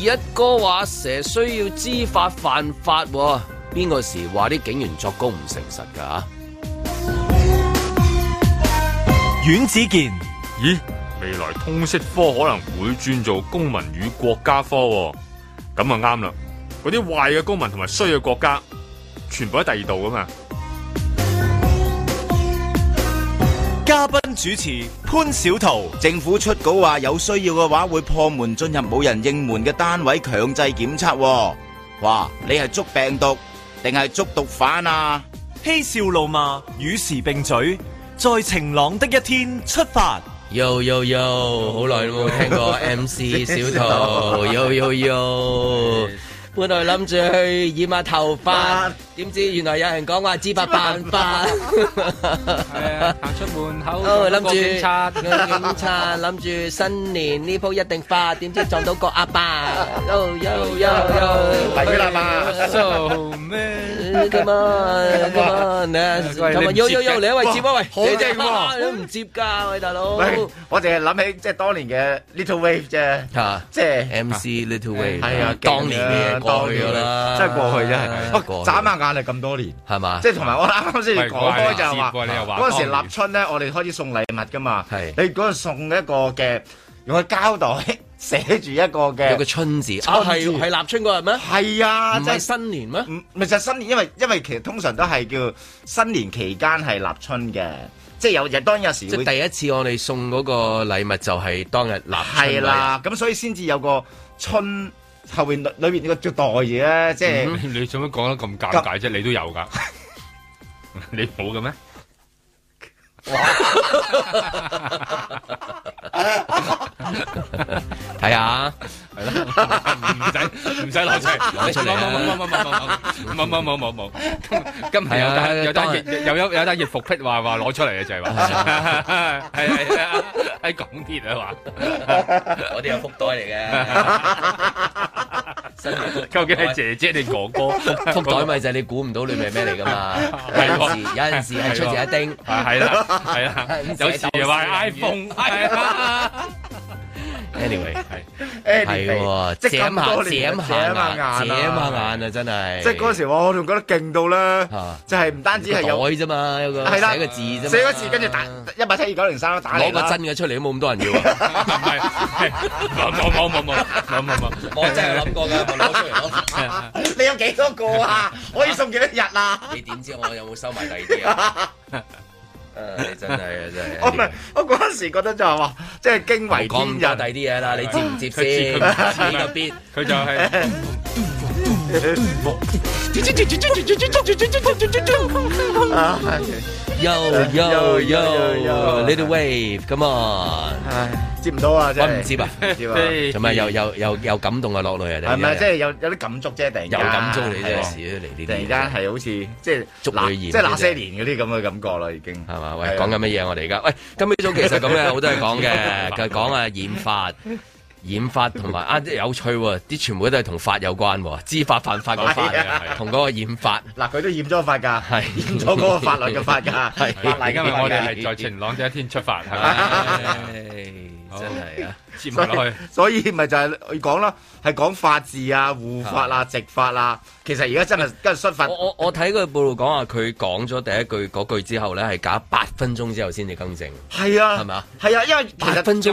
一哥話蛇需要知法犯法，邊個時話啲警員作供唔誠實噶？阮子健，
咦？未來通識科可能會轉做公民與國家科，咁啊啱啦！嗰啲壞嘅公民同埋衰嘅國家，全部喺第二度㗎嘛。嘉賓主持潘
小桃，政府出稿話有需要嘅話會破門進入冇人應門嘅單位強制檢測，哦。哇，你係捉病毒定係捉毒販啊？嬉笑怒罵與時並舉，在晴朗的一天出發。
Yo y 好耐都冇聽過 M C 小桃。Yo y 本來諗住去染下頭髮，點知原來有人講話知法犯法。係啊，行出門口。諗住擦，諗住新年呢鋪一定發，點知撞到個阿伯。又又又又，大魚啦嘛？做咩？咁啊咁啊！喂，又又又嚟一位接啊喂，好啊，都唔接噶喂大佬。
我淨係諗起即係當年嘅 Little Wave 啫，
即係 MC Little Wave。係啊，當年嘅。當然啦，真係過去真係，不過眨
下眼嚟咁多年係嘛？即係同埋我啱啱先至講開就係話，嗰時立春咧，我哋開始送禮物噶嘛。係，你嗰日送一個嘅，用個膠袋寫住一個嘅，有個春字。哦，係係立春嗰日咩？係啊，即係新年咩？唔咪就係新年，因為因為其實通常都係叫新年期間係立春嘅，即係有日當然有時即係第一次我哋送嗰
個禮物就係當日立春。係啦，
咁所以先至有個春。後面裏面邊呢個著袋嘢咧，即係
你做乜講得咁尷尬啫？個你都有㗎， 你冇嘅咩？
睇下，係啦，唔使唔使攞出攞出嚟啦！冇冇冇冇冇冇冇冇冇今日有
單有單熱有有單熱服帖話話攞出嚟嘅就係話，係係啊喺港鐵啊嘛，我哋有福袋嚟嘅，
究竟係姐姐定哥哥？福袋咪就係你估唔到你咪咩嚟噶嘛？有時有陣時係出住一丁，係啦。係啊，有時又話 iPhone，係 Anyway，係係，剪下剪下眼，剪下眼啊！真係，即係嗰
時我仲覺得勁到啦，即係唔單止係彩
啫嘛，一個寫個字，寫個字
跟住打一八七二九零三都打嚟啦。攞個真嘅
出嚟都冇咁多人要啊！係，冇冇冇冇冇冇冇，我真係
諗過嘅，攞出嚟。你有幾多個啊？可以送幾多日啊？你
點知我有冇收埋第二啲啊？ 啊、你真係啊，真係，我
唔係，我嗰陣時覺得就係、是、話，即係驚為天人。講唔到第啲嘢啦，你接唔接先？出錢佢唔接
啦，佢就係、
是。
啊，係
，Yo Yo Yo Yo Little Wave 咁啊，接唔到啊，真係，搵唔接啊，接啊，係咪又又又又感動嘅落淚啊？係咪即係
有有啲感觸啫？突然間，又感觸嚟啫，
嚟啲，突然間係好似即係，即係那些
年嗰啲咁嘅感覺啦，已經
係嘛？講緊乜嘢我哋而家？喂，今朝其實咁嘅，好多嘢講嘅，佢講啊染髮。染法同埋啱啲有趣喎，啲全部都係同法有關喎，知法犯法嘅法，同嗰、啊啊、個染法。嗱， 佢都染咗、啊、個法㗎，染
咗個法律嘅法
㗎。係、啊，法例今日我哋係在晴
朗嘅一天出發，係咪？真係啊！ 好接唔落去，所
以，所以咪就係講啦，係講法治
啊、護法啊、直法啊。其實而家真係跟律法。我我睇佢報道講話，佢講咗第一句嗰句之後咧，係隔八分鐘之後先至更正。係啊，係咪啊？係啊，因為八分鐘，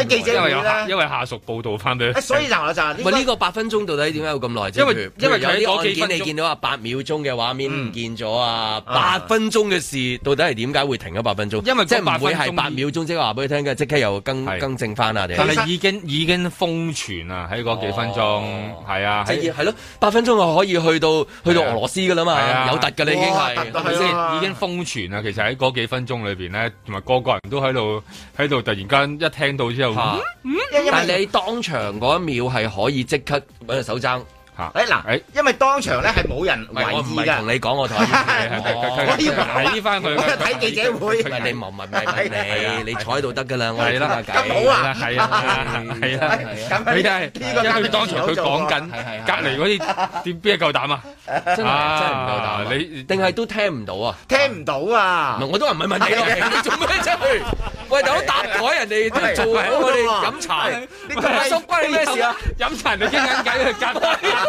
因記者講咧，因為下屬報道翻俾。誒，所以就話就呢個八分鐘到底點解要咁耐？因為因為有啲案件你見到啊，八秒鐘嘅畫面唔見咗啊，八分鐘嘅事到底係點解會停咗八分鐘？因為即係唔會係八秒鐘，即係話俾你聽，即刻又更更正翻。但係已經已經瘋傳啊！喺嗰幾分鐘，係、哦、啊，係係咯，八、啊、分鐘就可以去到、啊、去到俄羅斯噶啦嘛，啊、有突噶，已經係突到已
經瘋傳啊！其實喺嗰幾分鐘裏邊咧，同埋個個人都喺度喺
度，突然間一聽到之後，啊嗯嗯嗯、但係你當場嗰一秒係可以即刻揾隻手踭。哎嗱，因為當場咧係冇人懷疑嘅，我唔係同你講我台，我要睇翻佢，睇記者會。唔係你問問問你，你坐喺度得㗎啦，我傾下偈。金寶啊，係啊係啊，你
睇，因為當場佢講緊，隔離嗰啲點邊夠膽啊？真係真係唔夠膽。你定
係都聽唔到啊？聽唔到啊？唔係我都話問問你咯，你做咩出去？喂，大佬搭枱人哋做好我哋飲茶，你唔係關你咩事啊？飲茶就傾緊
偈，隔離。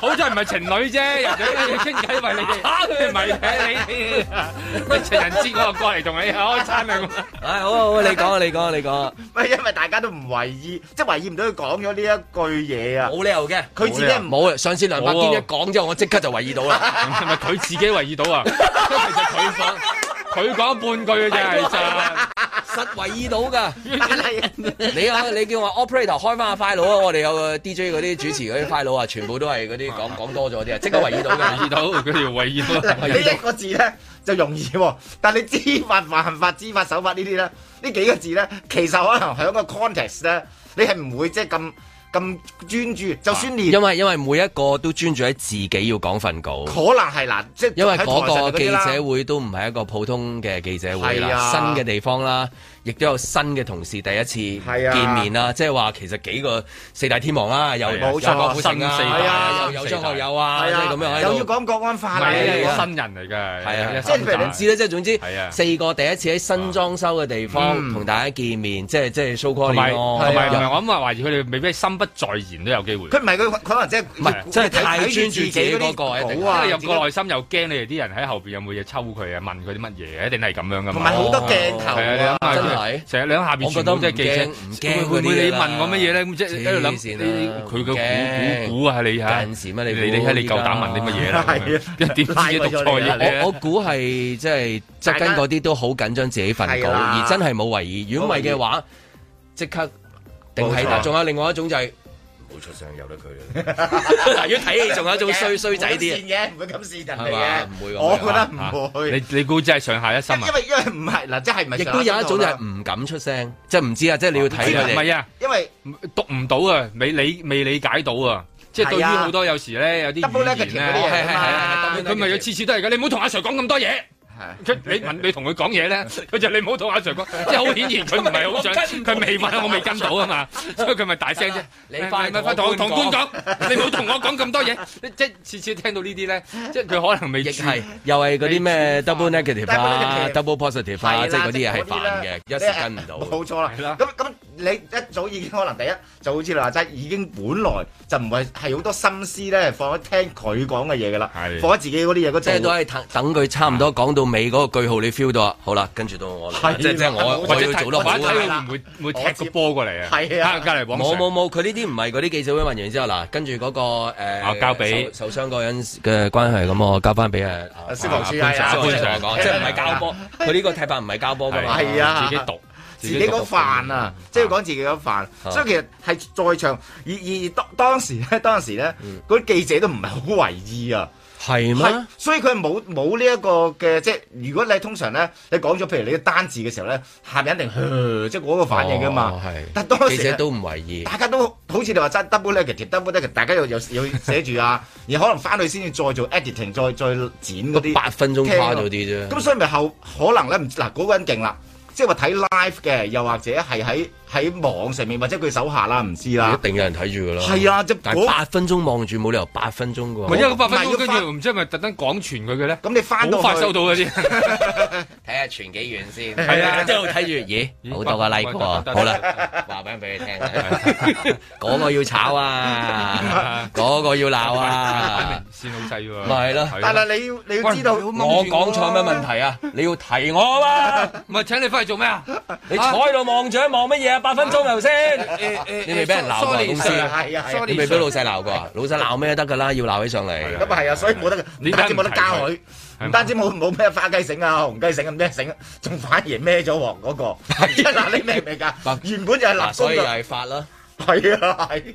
好在唔係情侶啫，人哋傾偈為你打佢，唔、啊、係你。乜情人節我又過嚟同你開餐啊！ 哎，好，你講啊，你講啊，你
講。
啊。係因為大家都唔為意，即係為意唔到佢講咗呢一句嘢啊！冇理
由嘅，佢自己唔好啊。上次梁柏堅一講之後，我即刻就為意到， 意到 啦，係咪佢自己為意到啊？其實佢講，佢講半句嘅啫，係真。實為意到㗎， 你啊，你叫我 operator 開返個 file 啊！ 我哋有 DJ 嗰啲主持嗰啲 file 啊，全部都係嗰啲講講多咗啲啊，即刻為意到㗎，為 意到，佢要為意到。你
一 個字咧就容易喎，但係你知法犯法、知法守法呢啲咧，呢幾個字咧，其實可能喺個 context 咧，你係唔會即係咁。咁專注，啊、
就算連因為因為每一個都專注喺自己要講份稿，可
能係嗱，即係喺台上嗰啲啦。因為嗰個記者
會都唔係一個普通嘅記者會啦，啊、新嘅地方啦。亦都有新嘅同事第一次見面啦，即係話其實幾個四大天王啦，有有個新四大，又有張學友啊，又要講國安法啦，新人嚟嘅，即係唔知咧，即係總之四個第一次喺新裝修嘅地方同大家見面，即係即係 so cool。同埋同埋同埋，我
諗話懷疑佢哋未必心不在焉都有機會。佢唔係佢，佢可能即係唔係即係太專注自己嗰個啊！因為有個內心又驚你哋啲人喺後邊有冇嘢抽佢啊？問佢啲乜嘢？一定係咁樣噶嘛。同埋好多鏡頭。成日兩下邊，我覺得即係驚，唔驚。會唔會你問我乜嘢咧？咁即係一路諗呢啲，佢嘅估估
估啊，你嚇近時乜？你你睇你夠膽問啲乜嘢咧？點知自己讀錯嘢咧？我我估係即係側跟嗰啲都好緊張自己份稿，而真係冇為意。如果唔係嘅話，即刻定係。仲有另外一種就係。冇出聲由得佢，由於睇戲仲有一種衰衰仔啲嘢。
唔 會咁試人嚟嘅，唔會我
覺
得唔會。啊、你你估真係上下一心啊？因
為因為唔係嗱，即係唔係亦都有一種就係唔
敢出聲，即係唔知、就係、啊，即係你要睇唔係啊，因為讀唔到啊，到未理未理解到啊，為即係對於好多有時咧有啲語言佢唔係次次都係㗎，你唔好同阿 Sir 講咁多嘢。佢你問你同佢講嘢咧，佢就你唔好同阿 Sir 講，即係好顯然佢唔係好想，佢未問我未跟到啊嘛，所以佢咪大聲啫。你快快同同官講，你冇同我講咁多嘢，即係次次聽到呢啲咧，即係佢可能未。亦係
又係嗰啲咩 double negative 啦啊，double positive 啦，即係嗰啲嘢係煩嘅，一時跟唔
到。
冇錯啦，係啦。你一早已經可能第一就好似你話齋，已經本來就
唔係係好多心思咧，放咗聽佢講嘅嘢嘅啦，放咗自
己嗰啲嘢，即係都係
等佢差唔多講到尾嗰個句號，你 feel 到啊？好啦，跟住到我啦。即即我我要做得好啦。我唔會會踢個波過嚟啊！係啊，隔離網冇冇冇，佢呢啲唔係嗰啲記者會問完之後嗱，跟住嗰個交俾受傷嗰人嘅關係咁，我交翻俾阿消防處長。即唔係交波，佢呢個睇法唔係交波㗎嘛？係啊，自己讀。自己個飯啊，即係講自己個飯，所以其
實係在場而而當當時咧，當時咧，嗰啲記者都唔係好為意啊，係咩？所以佢冇冇呢一個嘅即係，如果你通常咧，你講咗譬如你單字嘅時候咧，下面一定呵，即係嗰個反應㗎嘛。但當時記者都唔為意，大家都好似你話真 double editing double editing 大家又又又寫住啊，而可能翻去先至再做 editing，再再剪嗰啲八分鐘跨咗啲啫。咁所以咪後可能咧嗱嗰個人勁啦。即係話睇 live 嘅，又或者係喺。喺網上面或者佢手下啦，唔知啦，一
定有人睇住噶啦。係啊，但係八分鐘望住，冇理由八分鐘噶。唔係一個八
分鐘跟住，
唔知係咪特登廣傳佢嘅咧？咁你翻
都好收到嘅先，睇下傳幾遠先。係啊，即係睇住咦，好多個 like 好啦，話俾人俾你聽，嗰個要炒啊，嗰個要鬧啊，先老細喎。咪係咯，但係你
要你要知道，我講錯咩問
題啊？你要提我啊？唔係請你翻嚟做咩啊？你坐喺度望住喺望乜嘢？八分鐘頭先，你未俾人鬧過公司，係啊，你未俾老細鬧過，老細鬧咩得㗎啦，要鬧起上嚟。咁啊係啊，所以冇得嘅。唔單止冇加佢，唔單
止冇冇咩花雞繩啊，紅雞繩啊，咩繩啊，仲反而孭咗鑊嗰個。真係
嗱，你明唔明㗎？原本就係立公就係
法啦。係啊，係。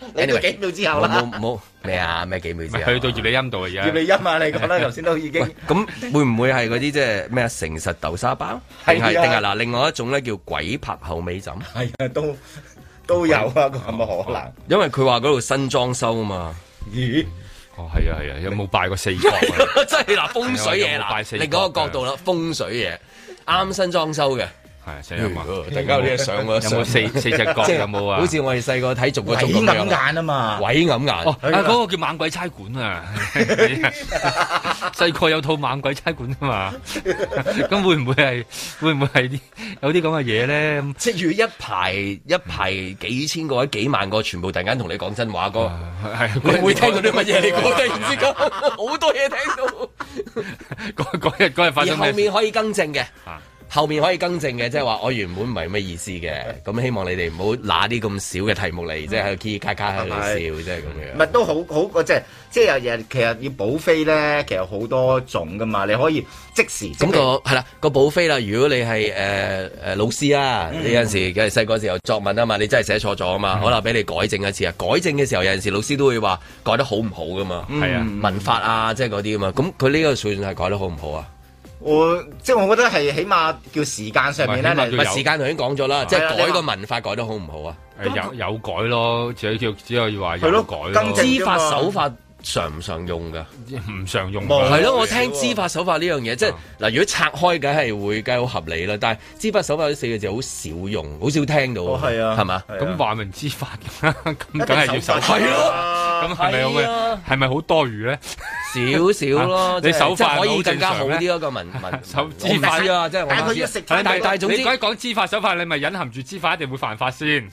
你哋幾秒之後啦？冇冇咩啊？咩幾秒之後？去到住你音度啊！而家住你音
啊！你講啦，頭先都已
經咁會唔會係嗰啲即係咩啊？誠實豆沙包係係定係嗱？另外一種咧叫鬼拍後尾枕，
係啊都
都有啊！咁冇可能，因為佢話嗰度新裝修啊嘛。咦？哦，係啊係啊，有冇拜過四角？即係嗱風水嘢嗱，你嗰個角度啦，風水嘢啱新裝修嘅。係突然間有啲相喎，有冇四四隻角？有冇啊？好似我哋細個睇做嘅鬼揞眼啊嘛！鬼揞眼！啊，嗰
個叫猛鬼差館啊！細個有套猛鬼差館啊嘛？
咁會唔會係會唔會係啲有啲咁嘅嘢咧？即如一排一排幾千個幾萬個全部突然間同你講真話，哥，會唔會聽到啲乜嘢嚟？突然之間好多嘢聽到。嗰日嗰日發生咩？而後面可以更正嘅。後面可以更正嘅，即係話我原本唔係咩意思嘅，咁的、嗯、希望你哋唔好拿啲咁少嘅題目嚟，即係喺度卡卡喺度笑，即係咁樣。唔都好好過，即係即
係有嘢，其實要補飛咧，其實好多種噶嘛，你可以即時。咁、那個
係啦，個補飛啦，如果你係誒誒老師啊，嗯、你有陣時嘅細個時候作文啊嘛，你真係寫錯咗啊嘛，好的能俾你改正一次啊。改正嘅時候有陣時老師都會話改得好唔好噶嘛，係啊的、嗯、文法啊，即係嗰啲啊嘛。咁佢呢個水平係改得好唔好啊？
我即係我覺得係起碼叫時間上面咧嚟，時間頭先講咗啦，對即係改個
文化改得好唔好
啊？麼有有改咯，只係叫只可以話話有改咯了。更知法守法。常
唔常用噶，唔常用。冇係咯，我聽知法守法呢樣嘢，即係嗱，如果拆開，梗係會梗係好合理啦。但係知法守法呢四個字好少用，好少聽到。哦，係啊，係嘛？咁話明知法，咁梗係要守。係咯。咁係咪咁係咪好
多餘咧？少少咯。你守法可以更加好啲咯，個文文。守知法啊，即係我知。但係總之，你講講知法守法，你咪隱含住知法一定會犯法先。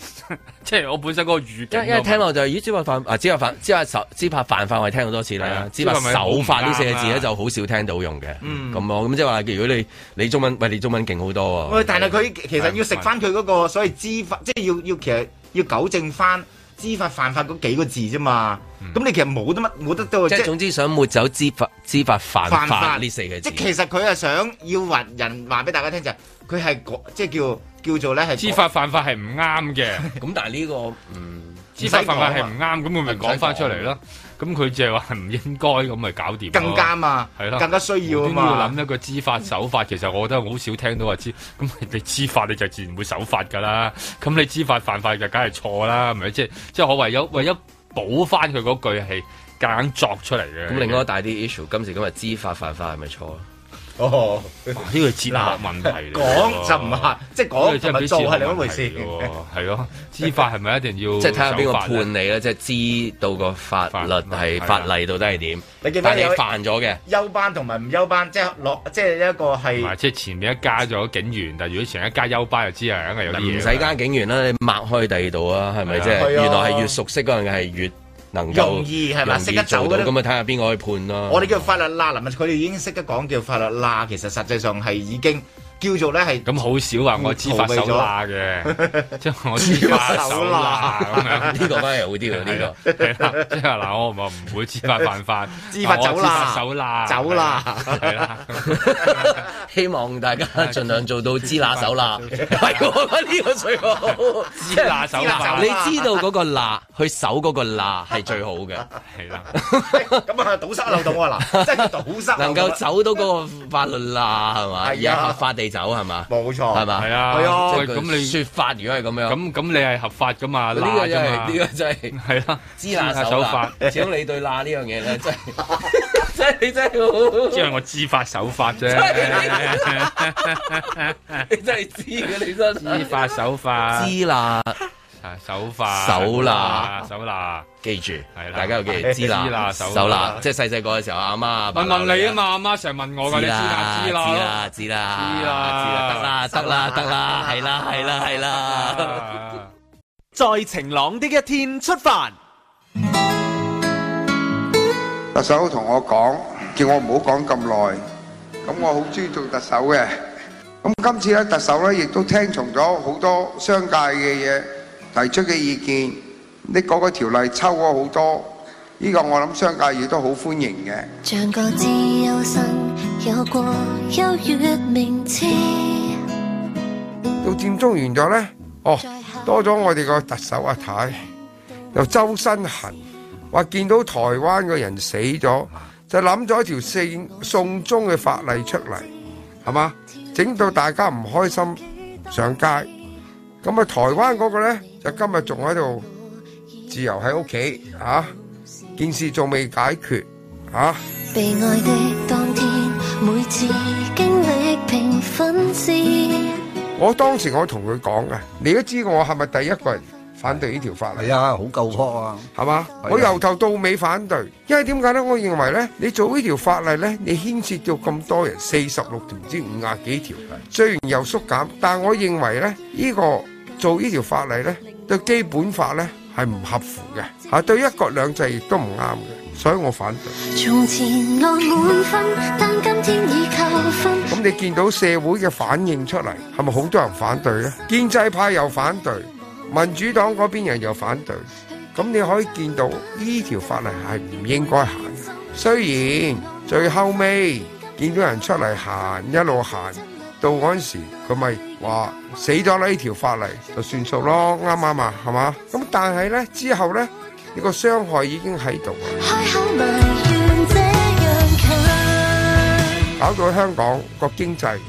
即係我本身嗰個預警。因為聽落
就係，咦？知法犯啊？知法犯？知法守？知法犯法？我係聽好多次啦，知法，啊，守法呢四個字咧，就好少聽到用嘅。咁咯，嗯啊，咁即係話，如果你你中文喂，你中文勁好多啊，喂，但係
佢其實要食翻，佢嗰個所謂知法，即係要要其實要糾正翻知法犯法嗰幾個字啫嘛，咁，嗯，你其實冇得乜，冇得都即係是總
之想抹走知法知法犯法呢四個字，即係其實
佢係想要人話俾大家聽就係佢係即係叫叫做咧，係知法犯法係唔啱嘅，
咁但係呢，這個嗯知法犯法係唔啱，咁我咪講翻出嚟咯。咁佢淨係話唔應該咁咪搞掂，更加嘛，係咯的，更加需要啊嘛。要諗一個知法守法。 其實我覺得好少聽到話知，咁你知法你就自然會守法噶啦。咁你知法犯法就梗係錯啦，係咪？即係即係我唯有唯有補翻佢嗰句係硬作
出嚟嘅。咁 實另外大啲 issue，今時今日知法犯法係咪錯？哦，呢個執法問題咧，講就唔係，即係講同埋做係兩回事喎。係咯，知法係咪一定要即係睇下邊個判你咧？即係知道個法律係法，法例到底係點？嗯嗯、你見
見但你犯
咗嘅，
休班同埋唔休班，即係落即係一個係即
係前面一加咗警員，但如果前一加休班就知係梗係有嘢。唔使加
警員啦、啊，你抹開第二度啊，係咪即啫？嗯啊、原來係越熟悉嗰樣嘢係越。容易係咪？識得走嘅咧，咁咪睇下邊個去判咯。我哋叫
法律啦，罅，佢哋已經識得講叫法律啦，其實實際上係已
經。叫做咧係咁好少話我知法守法嘅，
即係
我知法守法咁樣。呢個都係好啲喎，呢個即係嗱，我唔唔會知法犯法，知法守法，守法走啦。係
啦，希望大家盡量做到知法守法，
我覺得呢個最好。知法
守法，你知道嗰個法去守嗰個法係最好嘅，係啦。咁
啊，堵塞漏洞啊，嗱，
即係堵塞。能夠走到嗰個法律罅係嘛？係啊，合法地。走係嘛，冇錯係嘛，係啊，咁你說法如果係咁樣，咁咁你係合
法噶嘛？呢個真係呢個真係，係啦，知法手法，主要你
對辣呢樣嘢咧真係真係真係，因
為我知法手法啫，你真係知嘅，你真知法
手法，知辣。
手法，手拿手拿，
記住，係大家要記住，知啦，手拿，即係細細個嘅時候，阿媽問問你
啊嘛，阿媽成日問我噶，你知啦，知啦，知啦，知
啦，知啦，得啦，得啦，得啦，係啦，係啦，係啦，
在晴朗的一天出發。
特首同我講，叫我唔好講咁耐，咁我好中意做特首嘅，咁今次咧，特首咧亦都聽從咗好多商界嘅嘢。提出嘅意見，你嗰個條例抽咗好多，呢、這個我諗商界亦都好歡迎嘅。到佔中完咗咧，哦，多咗我哋個特首阿太，又周身痕。話見到台灣嘅人死咗，就諗咗條送送中嘅法例出嚟，係嘛？整到大家唔開心上街，咁啊台灣嗰個咧？就今日仲喺度自由喺屋企嚇，件事仲未解決嚇。
被愛嘅當天，每次經歷平分之。
我當時我同佢講啊，你都知我係咪第一個人反對呢條法例？係啊，好鳩噏啊，係嘛？我由頭到尾反對，因為點解咧？我認為咧，你做呢條法例咧，你牽涉到咁多人，四十六條唔知五廿幾條，雖然有縮減，但我認為咧，呢個做呢條法例咧，對基本法咧係唔合乎嘅，吓，對一國兩制亦都唔啱嘅，所以我反對。咁你見到社會嘅反應出嚟，係咪好多人反對呢？建制派又反對，民主黨嗰邊人又反對，咁你可以見到呢條法例係唔應該行。雖然最後尾見到人出嚟行，一路行。到嗰陣時，佢咪話死咗呢條法例就算數咯，啱啱啊？係嘛吧？咁、嗯、但係咧，之後咧，呢個傷害已經喺度，搞到香港個經濟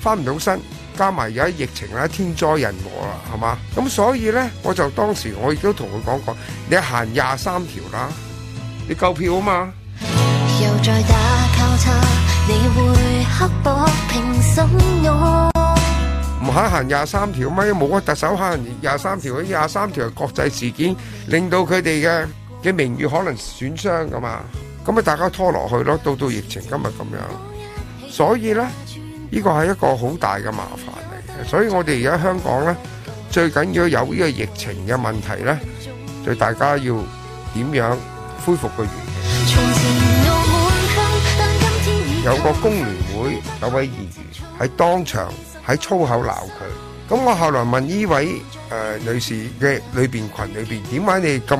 翻唔到身，加埋而家疫情啦，天災人禍啦，係嘛？咁、嗯、所以咧，我就當時我亦都同佢講過，你行廿三條啦，你夠票吖嘛？
又
唔肯行廿三條咪冇乜特首肯行廿三條，廿三條係國際事件令到佢哋嘅嘅名譽可能損傷噶嘛？咁啊，大家拖落去咯，到到疫情今日咁樣，所以咧，呢個係一個好大嘅麻煩嚟嘅。所以我哋而家香港咧，最緊要有呢個疫情嘅問題咧，對大家要點樣恢復嘅？有個工聯會有位議員喺當場喺粗口鬧佢，咁我後來問呢位誒女士嘅裏邊群裏邊點解你咁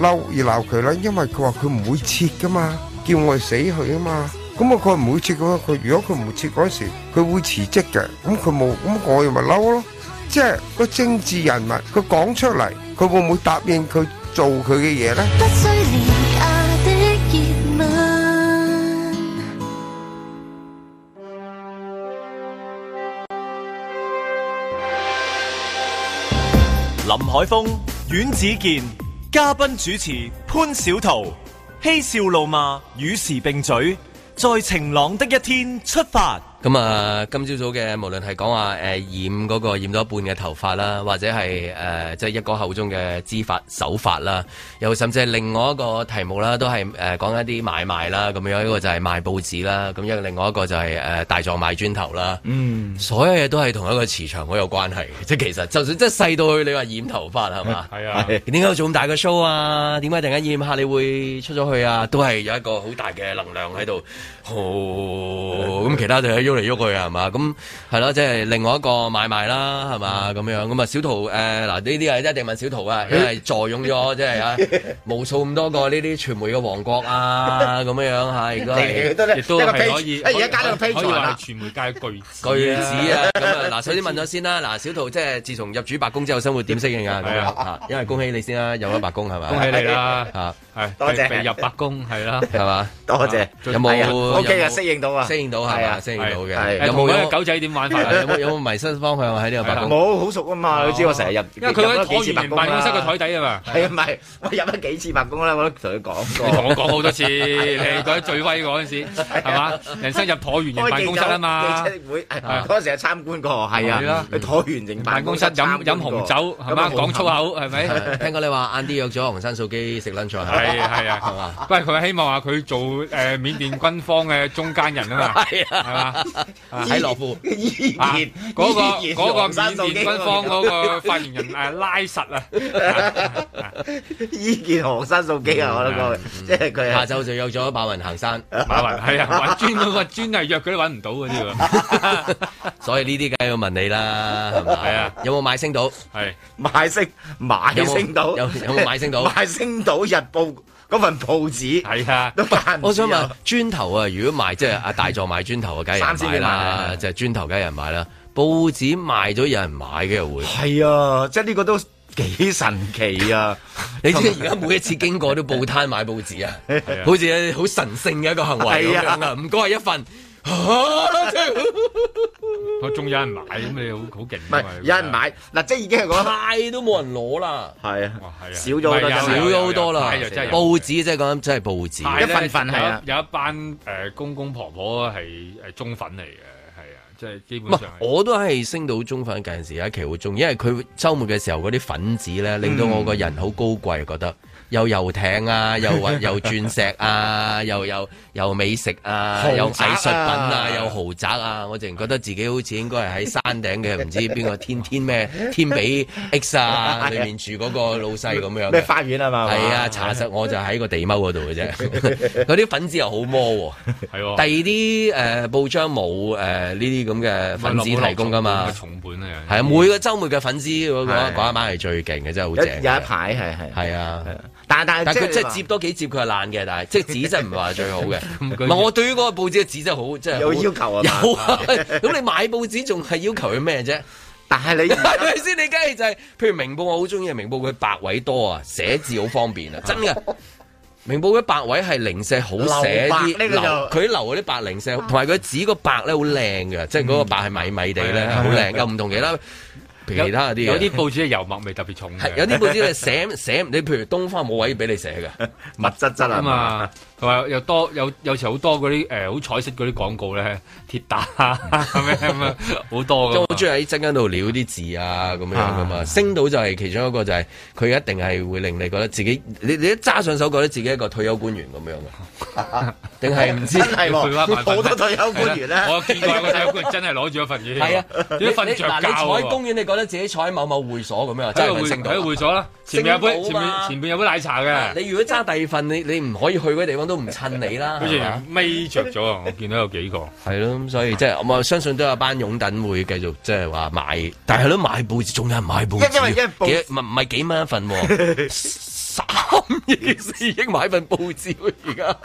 嬲而鬧佢咧？因為佢話佢唔會撤噶嘛，叫我死去啊嘛，咁啊佢唔會撤嘅，佢如果佢唔會撤嗰時，佢會辭職嘅，咁佢冇，咁我又咪嬲咯，即係個政治人物，佢講出嚟，佢會唔會答應佢做佢嘅嘢咧？
海峰、阮子健、嘉賓主持潘小桃，嬉笑怒罵與時並舉，在晴朗的一天出發。
咁啊、呃，今朝早嘅無論係講話誒染嗰個染咗一半嘅頭髮啦，或者係誒、呃、即係一個口中嘅織髮手法啦，又甚至係另外一個題目啦，都係誒講緊一啲買賣啦，咁樣一個就係賣報紙啦，咁樣另外一個就係、是、誒、呃、大狀賣磚頭啦，所有嘢都係同一個磁場好有關係，即係其實就算即係細到去你話染頭髮係嘛，係啊，點解做咁大個 show 啊？點解突然間染下你會出咗去啊？都係有一個好大嘅能量喺度。 哦，咁其他就喺喐嚟喐去係嘛，咁係咯，即係另外一個買賣啦，係嘛咁樣，咁啊小桃，誒，嗱呢啲啊一定問小桃啊，因為坐擁咗即係啊，無數咁多個呢啲傳媒嘅王國啊，咁樣樣係，亦都亦都可以，而
家加上飛才係傳媒界巨
巨子啊，咁啊嗱，首先問咗先啦，嗱小桃，即係自從入主白宮之後，生活點適應啊咁樣，因為恭喜你先啦，有咗白宮係嘛，恭喜你啦，吓係多謝入白宮係啦，係嘛，多謝有冇？OK 啊！適應到啊！適應到係啊！適應到嘅。有冇嗰啲狗仔點玩法啊？有冇迷失方向喺呢個辦公？冇，好熟啊嘛！你知我成日入，因為佢喺辦公
室個台底啊嘛。係唔係？
我入咗幾次辦公啦，我都同佢講過。同我講好多次，你覺得
最威嗰陣時，係嘛？人生入橢圓形辦公室啊嘛。
會
嗰陣時係參觀過，係啊。去
橢圓形辦公室飲飲紅酒，係嘛？講粗
口係咪？聽過你話晏啲約咗洪森首相食 lunch 啊？係啊係啊，係嘛？不過佢希望
話佢做誒緬甸軍方。誒，中間人啊嘛，係啊，係嘛？喺羅富，伊健嗰個嗰個伊健軍方嗰個發言人誒拉實啦，
伊健行山數幾啊？我諗過，即係佢下晝
就有咗馬雲行山，馬雲係啊，揾專嗰個專人約佢都揾唔到嗰啲喎，所以呢啲梗係要問你啦，係咪啊？有冇買星島？係買星買星島，有有冇買星島？買
星島日報。嗰份報紙係啊，
我想問磚頭啊，如果賣即係阿大壯賣磚頭啊，梗係人買啦，就係磚頭梗係人買啦。報紙賣咗有人買嘅又會係啊，即係呢個都幾神奇啊！ 你知而家每一次經過都報攤買報紙 啊，好似好神聖嘅一個行為咁樣啊！唔該，一份。啊！仲有人買，咁你好好勁，唔係有人買嗱，即係已經係我買都冇人攞啦。係啊，係
少咗好多，少咗好多啦，報
紙即係講緊，真係報紙一份份係啊，有
一班誒公公婆婆係誒中粉嚟嘅，係啊，即係基本上，
我都係升到中粉，嗰陣時一期會中，因為佢週末嘅時候嗰啲粉紙咧，令到我個人好高貴覺得。有遊艇啊，又又鑽石啊，又有又美食啊，有藝術品啊，有豪宅啊，我淨係覺得自己好似應該係喺山頂嘅，唔知邊個天天咩天俾 X 啊，裏面住嗰個老細咁樣嘅。咩花園啊嘛？係啊，查實我就喺個地踎嗰度嘅啫。嗰啲粉絲又好魔喎，第二啲誒報章冇誒呢啲咁嘅粉絲提供噶嘛。重本啊，係啊，每個周末嘅粉絲嗰個嗰一晚係最勁嘅，真係好正。有一排係係係啊。但但佢即係折多幾折，佢係爛嘅。但係，即係紙質唔係話最好嘅。我對於嗰個報紙嘅紙質好，即係有要求啊。有啊，咁你買報紙仲係要求佢咩啫？但係你係咪先？你梗係就係，譬如明報，我好中意明報佢白位多啊，寫字好方便啊。真嘅，明報佢白位係零舍好寫啲。佢留嗰啲白零舍，同埋佢紙個白咧好靚嘅，即係嗰個白係米米地咧，好靚。又唔同其他。其他嗰啲，有啲報紙嘅油墨味特別重。有啲報紙咧寫寫你，譬如東方冇位俾你寫嘅，物質質啊嘛，同
埋又多有有時好多嗰啲誒好彩色嗰啲廣告咧，鐵打咁樣
好多咁。即係好中意喺側間度潦啲字啊咁樣噶嘛。星島就係其中一個，就係佢一定係會令你覺得自己，你你一揸上手覺得自己一個退休官員咁樣嘅，定係唔知係好多退休官員咧？我見過有退休官員真係攞
住一份嘢，係啊，瞓公
園你自己坐喺某某會所咁樣，即係喺會所啦。前面有杯，前面前面有杯奶茶嘅。你如果揸第二份，你你唔可以去嗰啲地方，都唔襯你啦。好似
咪著咗啊！我見到有幾個。
係咯，所以即係我相信都有班擁躉會繼續即係話買，但係都買報紙仲有人買報紙。因因為一份唔唔係幾蚊一份喎，三億四億買份報紙
喎，而家。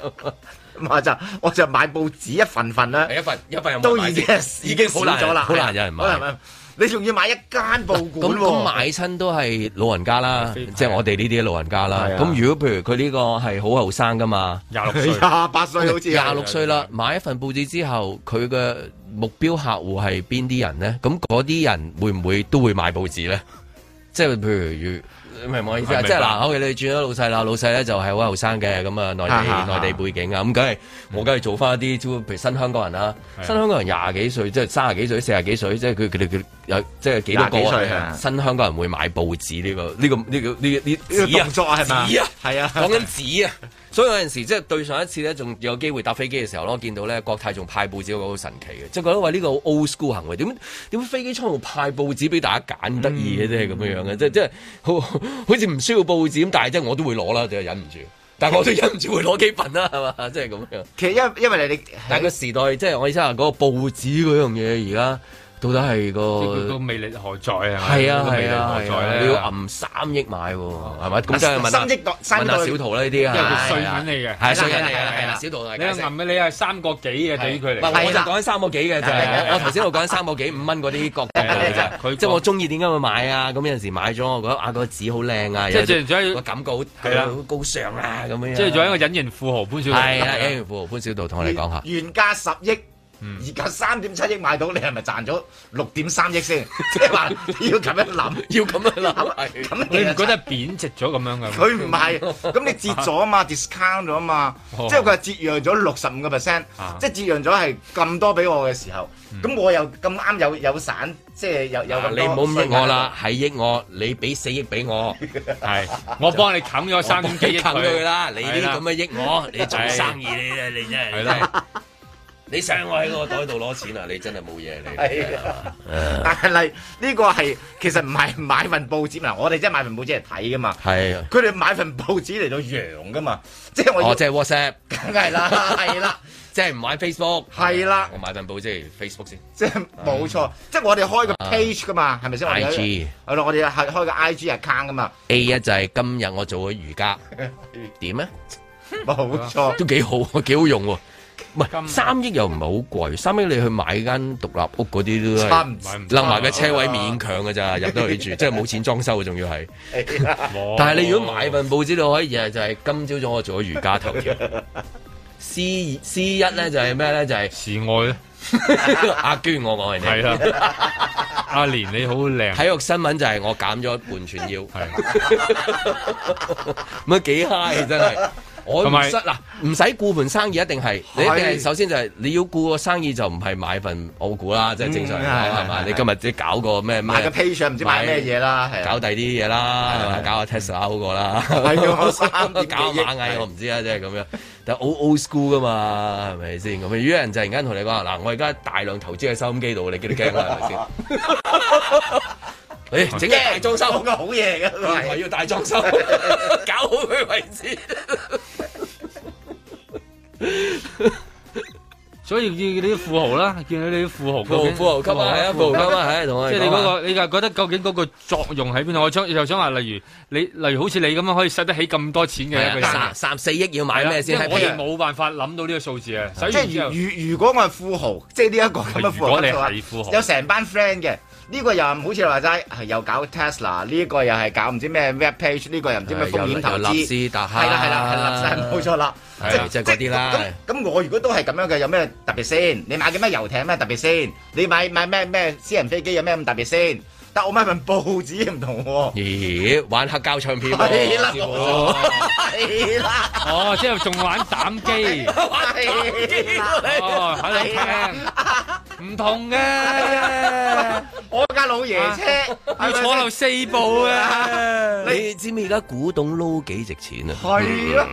我就我就買報紙一份份啦，一份一份都已經已經少咗啦，好難有人買。你仲要買一間報館咁買
親都係老人家啦，非即係我哋呢啲老人家啦。咁、啊、如果譬如佢呢個係好後生噶嘛，廿六歲、廿八 歲好似廿六歲啦，的買一份報紙之後，佢嘅目標客戶係邊啲人咧？咁嗰啲人會唔會都會買報紙咧？ 即係譬如要。唔係冇意思啊！即係嗱，我哋你轉咗老細啦，老細咧就係好後生嘅咁啊，內地內地背景啊，咁梗係我梗係做翻一啲，譬如新香港人啦，新香港人廿幾歲，即係三十幾歲、四十幾歲，即係佢佢哋有即係幾多個新香港人會買報紙呢個呢個呢個呢呢動作係嘛？係啊，講緊紙啊！所以有陣時即係對上一次咧，仲有機會搭飛機嘅時候咯，我見到咧國泰仲派報紙，我好神奇嘅，即係覺得話呢個 old school 行為，點點飛機艙度派報紙俾大家揀，得意嘅即係咁樣嘅，即係即係好好似唔需要報紙咁，但係即係我都會攞啦，就忍唔住，但係我都忍唔住會攞幾份啦，係嘛，即係咁樣。其實因因為你哋，但係個時代即係我意思話嗰個報紙嗰樣嘢而家。到底係個個魅力何在啊？係啊係啊！你要揞三億買喎，係嘛？咁真係揞三億個揞下小濤咧呢啲啊，因為佢碎款嚟嘅，係碎款嚟嘅，係啦小濤。你揞你係三個幾嘅對於佢嚟？唔係，我就講緊三個幾嘅啫。我我頭先我講緊三個幾五蚊嗰啲角，佢即係我中意點解會買啊？咁有陣時買咗我覺得啊個紙好靚啊，即係再一個感覺好係啦，好高尚啊咁樣。即係仲有一個隱形富豪潘小濤。係啦，隱形富豪潘小濤同我哋講下
原價十億。而家三點七億買到，你係咪賺咗六點三億先？即係話你要咁樣諗，要咁樣諗。你唔覺得
貶值咗咁樣㗎？佢唔係，
咁你折咗嘛，discount 咗嘛，即係佢係折讓咗六十五個 percent，即係折讓咗係咁多俾我嘅時候，咁我又咁啱有有散，即係有有咁多，你唔好益我啦，
係益我，你俾四億俾我，係我幫你冚咗三幾億俾佢啦。你呢啲咁嘅益我，你做生意你你真係。你想我喺個袋度攞錢啊！你真係冇
嘢
你，但係呢個係其實唔係買份報紙啊！我哋真係買份報紙嚟睇噶嘛，佢哋買份報紙嚟到揚噶嘛，即係我哦，即係 WhatsApp，梗係啦，係
啦，即係唔買 Facebook，係啦，我買份報紙，Facebook 先，
即係冇錯，即係我哋開個 page 噶嘛，係咪先？IG 係我哋係開個 IG account 噶嘛
，A 一就係今日我做咗瑜伽點啊？冇錯，都幾好，幾好用喎。三億又唔係好貴，三億你去買間獨立屋嗰啲都，留埋個車位勉強嘅咋，入得去住，即係冇錢裝修仲要係。
但係你如果買
份報紙，都可以，就係、是、今朝早我做咗瑜伽頭條。 C C 一咧就係咩咧就係、是，示愛 阿娟，我愛你，係啦的， 阿蓮你好靚。體育新聞就係我減咗半寸腰，係的，乜 幾嗨，真係。我唔使嗱，唔使顧門生意一定係，你一定係首先就係你要顧個生意就唔係買份澳股啦，即係正常啦，係嘛？你今日即搞個咩買個 T-shirt 唔知買咩嘢啦，搞第啲嘢啦，係搞個 Tesla 好過啦，係要三點搞螞蟻我唔知啊，即係咁樣，但係 old school 㗎嘛，係咪先咁？如果有人就突然間同你講嗱，我而家大量投資喺收音機度，你驚唔驚啊？係咪先？誒，整嘢裝修好個好嘢噶啦，要大裝修，搞好佢為止。
所以見嗰啲富豪啦，見到呢啲富豪，富豪，富豪，富豪級啊，係啊，富豪級啊。即係你嗰個，你又覺得究竟嗰個作用喺邊度？我想又想話，例如你，例如好似你咁樣可以使得起咁多錢嘅一個嘢，三四億要買咩先？我哋冇辦法諗到呢個數字啊。即係如如
果我係富豪，即係呢
一個咁樣富豪，有
成班 friend 嘅。呢個又好似話齋，係又搞 Tesla，呢個又係搞唔知咩 Webpage，呢個又唔知咩風險投資，係啦係啦係啦冇錯啦，即係嗰啲啦。咁我如果都係咁樣嘅，有咩特別先？你買嘅咩遊艇咩特別先？你買買咩咩私人飛機有咩咁特別先？但我買份報紙唔同喎，
咦？玩黑膠唱片，係啦，係啦，
哦，之後仲玩膽機，係，哦，喺度聽，唔同嘅，我家老爺車要坐落四部啊！
你知唔知而家古董撈幾值錢啊？係咯，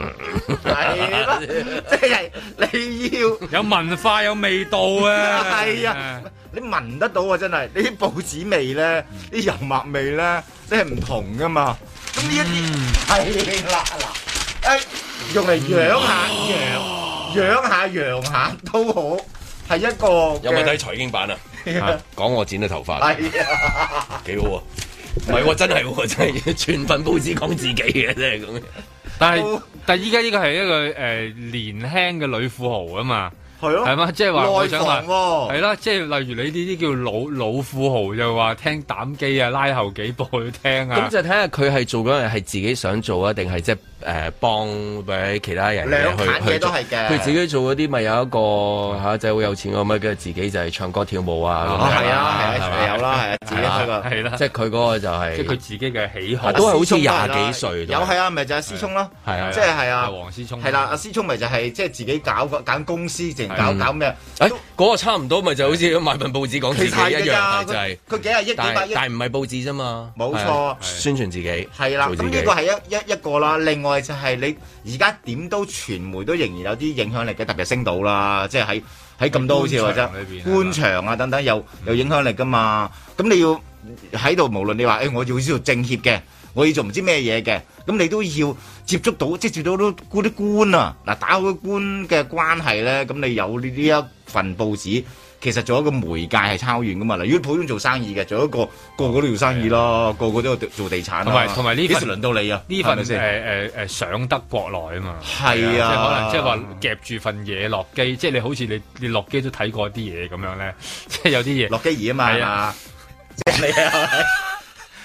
係咯，
即係
你要有文化有味道
啊，係啊。
你聞得到啊！真係，啲報紙味咧，啲油墨味咧，你係唔同噶嘛。咁呢一
啲係啦，嗱，
誒，用嚟揚下揚，揚下揚下都好，係一個。有冇睇財經版啊？
講我剪咗頭髮，係啊，幾好喎！唔係喎，真係，真係全份報紙講自己嘅，真係咁。
但係，但係依家依個係一個誒年輕嘅女富豪啊嘛。係啊，係嘛？即係話我想話，係啦，即係例如你呢啲叫老老富豪就話聽膽機啊，拉後幾步去聽啊，咁就
睇下佢係做緊樣嘢係自己想做啊，定係即係。誒幫俾其他人兩樣嘢都係嘅，佢自己做嗰啲咪有一個下仔好有錢咁樣，跟住自己就係唱歌跳舞啊，係啊
係啊，有啦係啊，自己一個係啦，即係佢嗰個就係即係佢自己嘅喜好，都係好似廿幾歲，有係
啊，咪就阿思聰咯，即係係啊，王思聰係啦，阿思聰咪就係即係
自己搞個揀公司，淨搞搞咩？誒嗰個差唔多，咪就好似買份報紙講自己一樣，就係佢幾廿億幾百億，但係唔係報紙咋嘛？冇錯，宣傳自己係啦，咁呢
個係一一一個啦，另外。就係你而家點都傳媒都仍然有啲影響力嘅，特別升到啦，即係喺喺咁多好似話齋官場啊等等，有有影響力㗎嘛？咁你要喺度，無論你話誒，我要做政協嘅，我要做唔知咩嘢嘅，咁你都要接觸到，即係接觸到都官啲官啊！嗱，打好官嘅關係咧，咁你有呢呢一份報紙。其實做一個媒介係抄遠噶嘛，嗱，如果普通做生意嘅，做一個，個個個都做生意咯，啊啊、個個都做做地產。同埋同埋
呢幾時輪到你啊，呢份誒誒誒上得國內啊嘛，係啊，即係可能即係話夾住份嘢落機，即係你好似你你落機都睇過啲嘢咁樣咧，即係有啲嘢落機儀啊嘛。
即你，你。你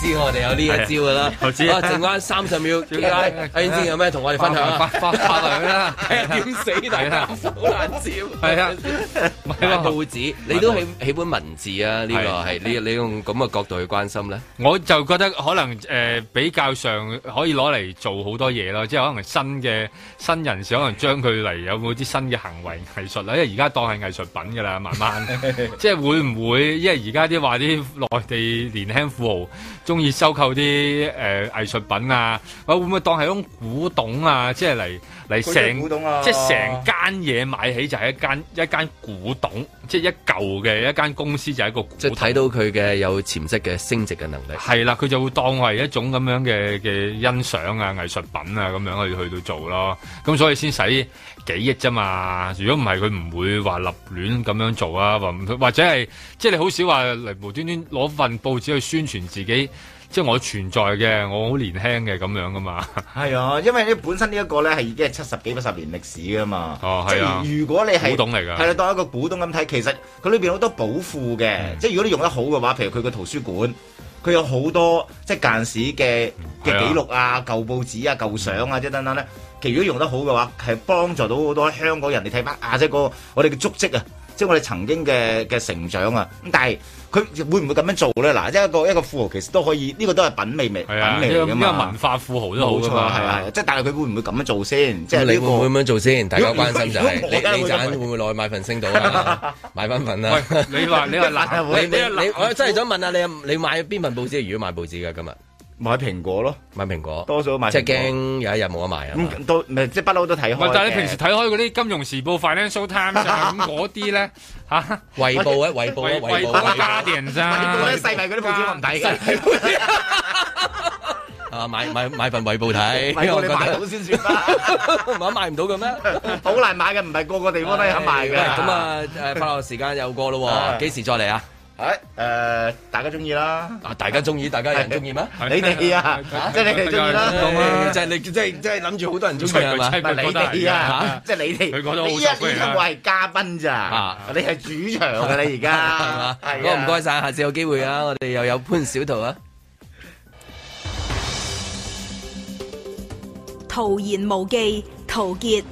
知我哋有呢一招噶啦，好知啊！剩返三十秒，阿阿軒先有咩同我哋分享啊？發發亮啦！點死大家，好難剪。係啊，唔係個報紙，你都喜喜歡文字啊？呢個係你你用咁嘅角度去關心咧？我就覺得可能誒比
較上可以攞嚟做好多嘢咯，即係可能新嘅新人士可能將佢嚟有冇啲新嘅行為藝術啦，因為而家當係藝術品㗎啦，慢慢即係會唔會？因為而家啲話啲內地年輕富豪。中意收購啲誒藝術品啊，我會唔會當係一種古董啊？即係嚟。你成古董啊！即係成間嘢，買起就係一間一間古董，即係一舊嘅一間公司
就係一個古董。即係睇到佢嘅有潛質嘅升值嘅能力。
係啦，佢就會當係一種咁樣嘅嘅欣賞啊，藝術品啊咁樣去去到做咯。咁所以先使幾億啫嘛。如果唔係，佢唔會話立亂咁樣做啊。或者係即係你好少話嚟，無端端攞份報紙去宣傳自己。即係我存在嘅，我好年輕嘅咁樣噶嘛。
係啊，因為咧本身呢一個咧係已經係七十幾八十年歷史噶嘛。哦，係啊。如果你係古董嚟㗎，係啊，當一個古董咁睇，其實佢裏邊好多寶庫嘅。嗯、即係如果你用得好嘅話，譬如佢個圖書館，佢有好多即係曠史嘅嘅記錄啊、舊報紙啊、舊相啊，即等等咧。其實如果用得好嘅話，係幫助到好多香港人你睇翻啊！即係、嗰個我哋嘅足跡啊。即我哋曾經嘅嘅成長啊，咁但係佢會唔會咁樣做咧？嗱，即一個一個富豪其實都可以，呢個都係品味嚟，品味嚟噶嘛，文化富豪都冇錯啊，係係，即係但係佢會唔會咁樣做先？即係你會唔會咁樣
做先？大家關心就係你，你陣會唔會落去買份星島啊？買翻份啦。你話，你話難會你會，我真係想問下你，你買邊份報紙？如果買報紙嘅今日。買蘋果咯，買蘋果，多數買即係驚有一日冇得賣啊！咁都唔係即係不嬲都睇開。唔係，但係你平時睇開
嗰啲《金融時報》《Financial Times》嗰啲咧吓，衛報啊，衛報啊，衛
報啊，家電咋？細圍嗰啲報紙我唔睇噶。啊，買買買份衛報睇，睇我哋買到先算啦。冇得買唔到嘅咩？好難買嘅，唔係個個地方都有得賣嘅。咁啊，誒，交流時間又過咯，幾時再嚟啊？誒誒，大家中意啦！啊，大家中意，大家有人中意咩？你哋啊，即係你哋中意啦！即係你，即係即係諗住好多人中意啊嘛！係咪你哋啊，即係你哋。佢講得好，依一呢位嘉賓咋？啊，你係主場㗎，你而家係嘛？係啊！嗰個唔該晒，下次有機會啊！我哋又有潘小濤啊！
陶言無忌，陶傑。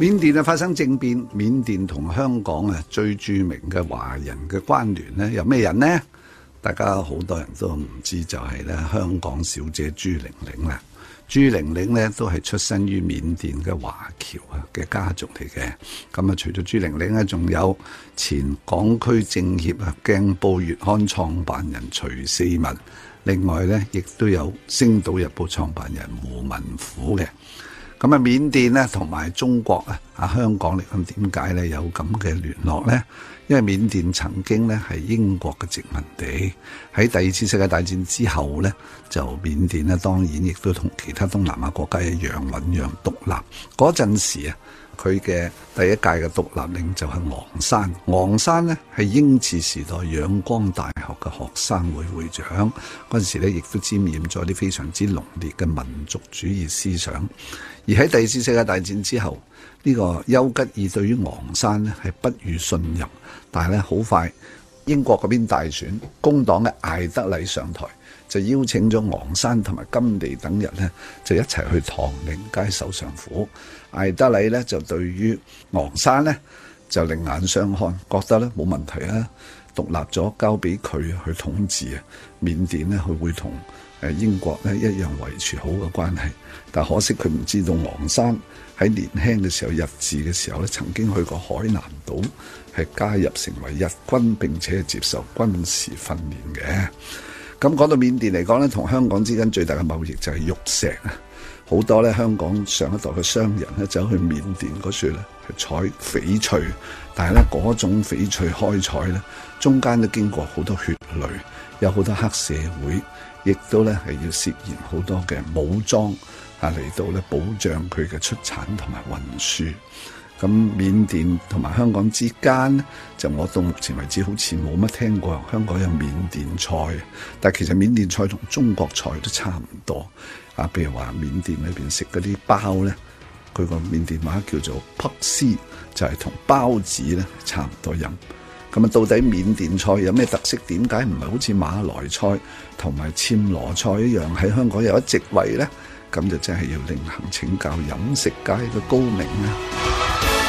緬甸啊，發生政變，緬甸同香港啊最著名嘅華人嘅關聯咧，有咩人呢？大家好多人都唔知就係、是、咧香港小姐朱玲玲啦。朱玲玲咧都係出身於緬甸嘅華僑啊嘅家族嚟嘅。咁啊，除咗朱玲玲咧，仲有前港區政協啊，《鏡報》月刊創辦人徐四民，另外呢，亦都有《星島日報》創辦人胡文虎嘅。咁啊，緬甸咧同埋中國啊，啊香港嚟講點解咧有咁嘅聯絡咧？因為緬甸曾經咧係英國嘅殖民地，喺第二次世界大戰之後咧，就緬甸咧當然亦都同其他東南亞國家一樣醞釀獨立。嗰陣時啊，佢嘅第一屆嘅獨立令就係昂山。昂山咧係英治時代仰光大學嘅學生會會長，嗰陣時咧亦都沾染咗啲非常之濃烈嘅民族主義思想。而喺第二次世界大戰之後，呢個丘吉爾對於昂山咧係不予信任，但係咧好快英國嗰邊大選工黨嘅艾德禮上台，就邀請咗昂山同埋金地等人咧，就一齊去唐寧街首相府。艾德禮咧就對於昂山咧就另眼相看，覺得咧冇問題啊，獨立咗交俾佢去統治啊，緬甸咧佢會同。誒英國咧一樣維持好嘅關係，但可惜佢唔知道昂山喺年輕嘅時候、日治嘅時候咧，曾經去過海南島，係加入成為日軍並且接受軍事訓練嘅。咁講到緬甸嚟講咧，同香港之間最大嘅貿易就係玉石，好多咧香港上一代嘅商人咧走去緬甸嗰處咧係採翡翠，但係咧嗰種翡翠開採咧，中間都經過好多血淚，有好多黑社會。亦都咧係要涉嫌好多嘅武裝啊嚟到咧保障佢嘅出產同埋運輸。咁緬甸同埋香港之間咧，就我到目前為止好似冇乜聽過香港有緬甸菜，但係其實緬甸菜同中國菜都差唔多啊。譬如話緬甸裏邊食嗰啲包咧，佢個緬甸話叫做撲絲，就係、是、同包子咧差唔多飲。咁啊，到底緬甸菜有咩特色？點解唔係好似馬來菜？同埋暹羅菜一樣喺香港有一席位呢？咁就真係要另行請教飲食界嘅高明啦。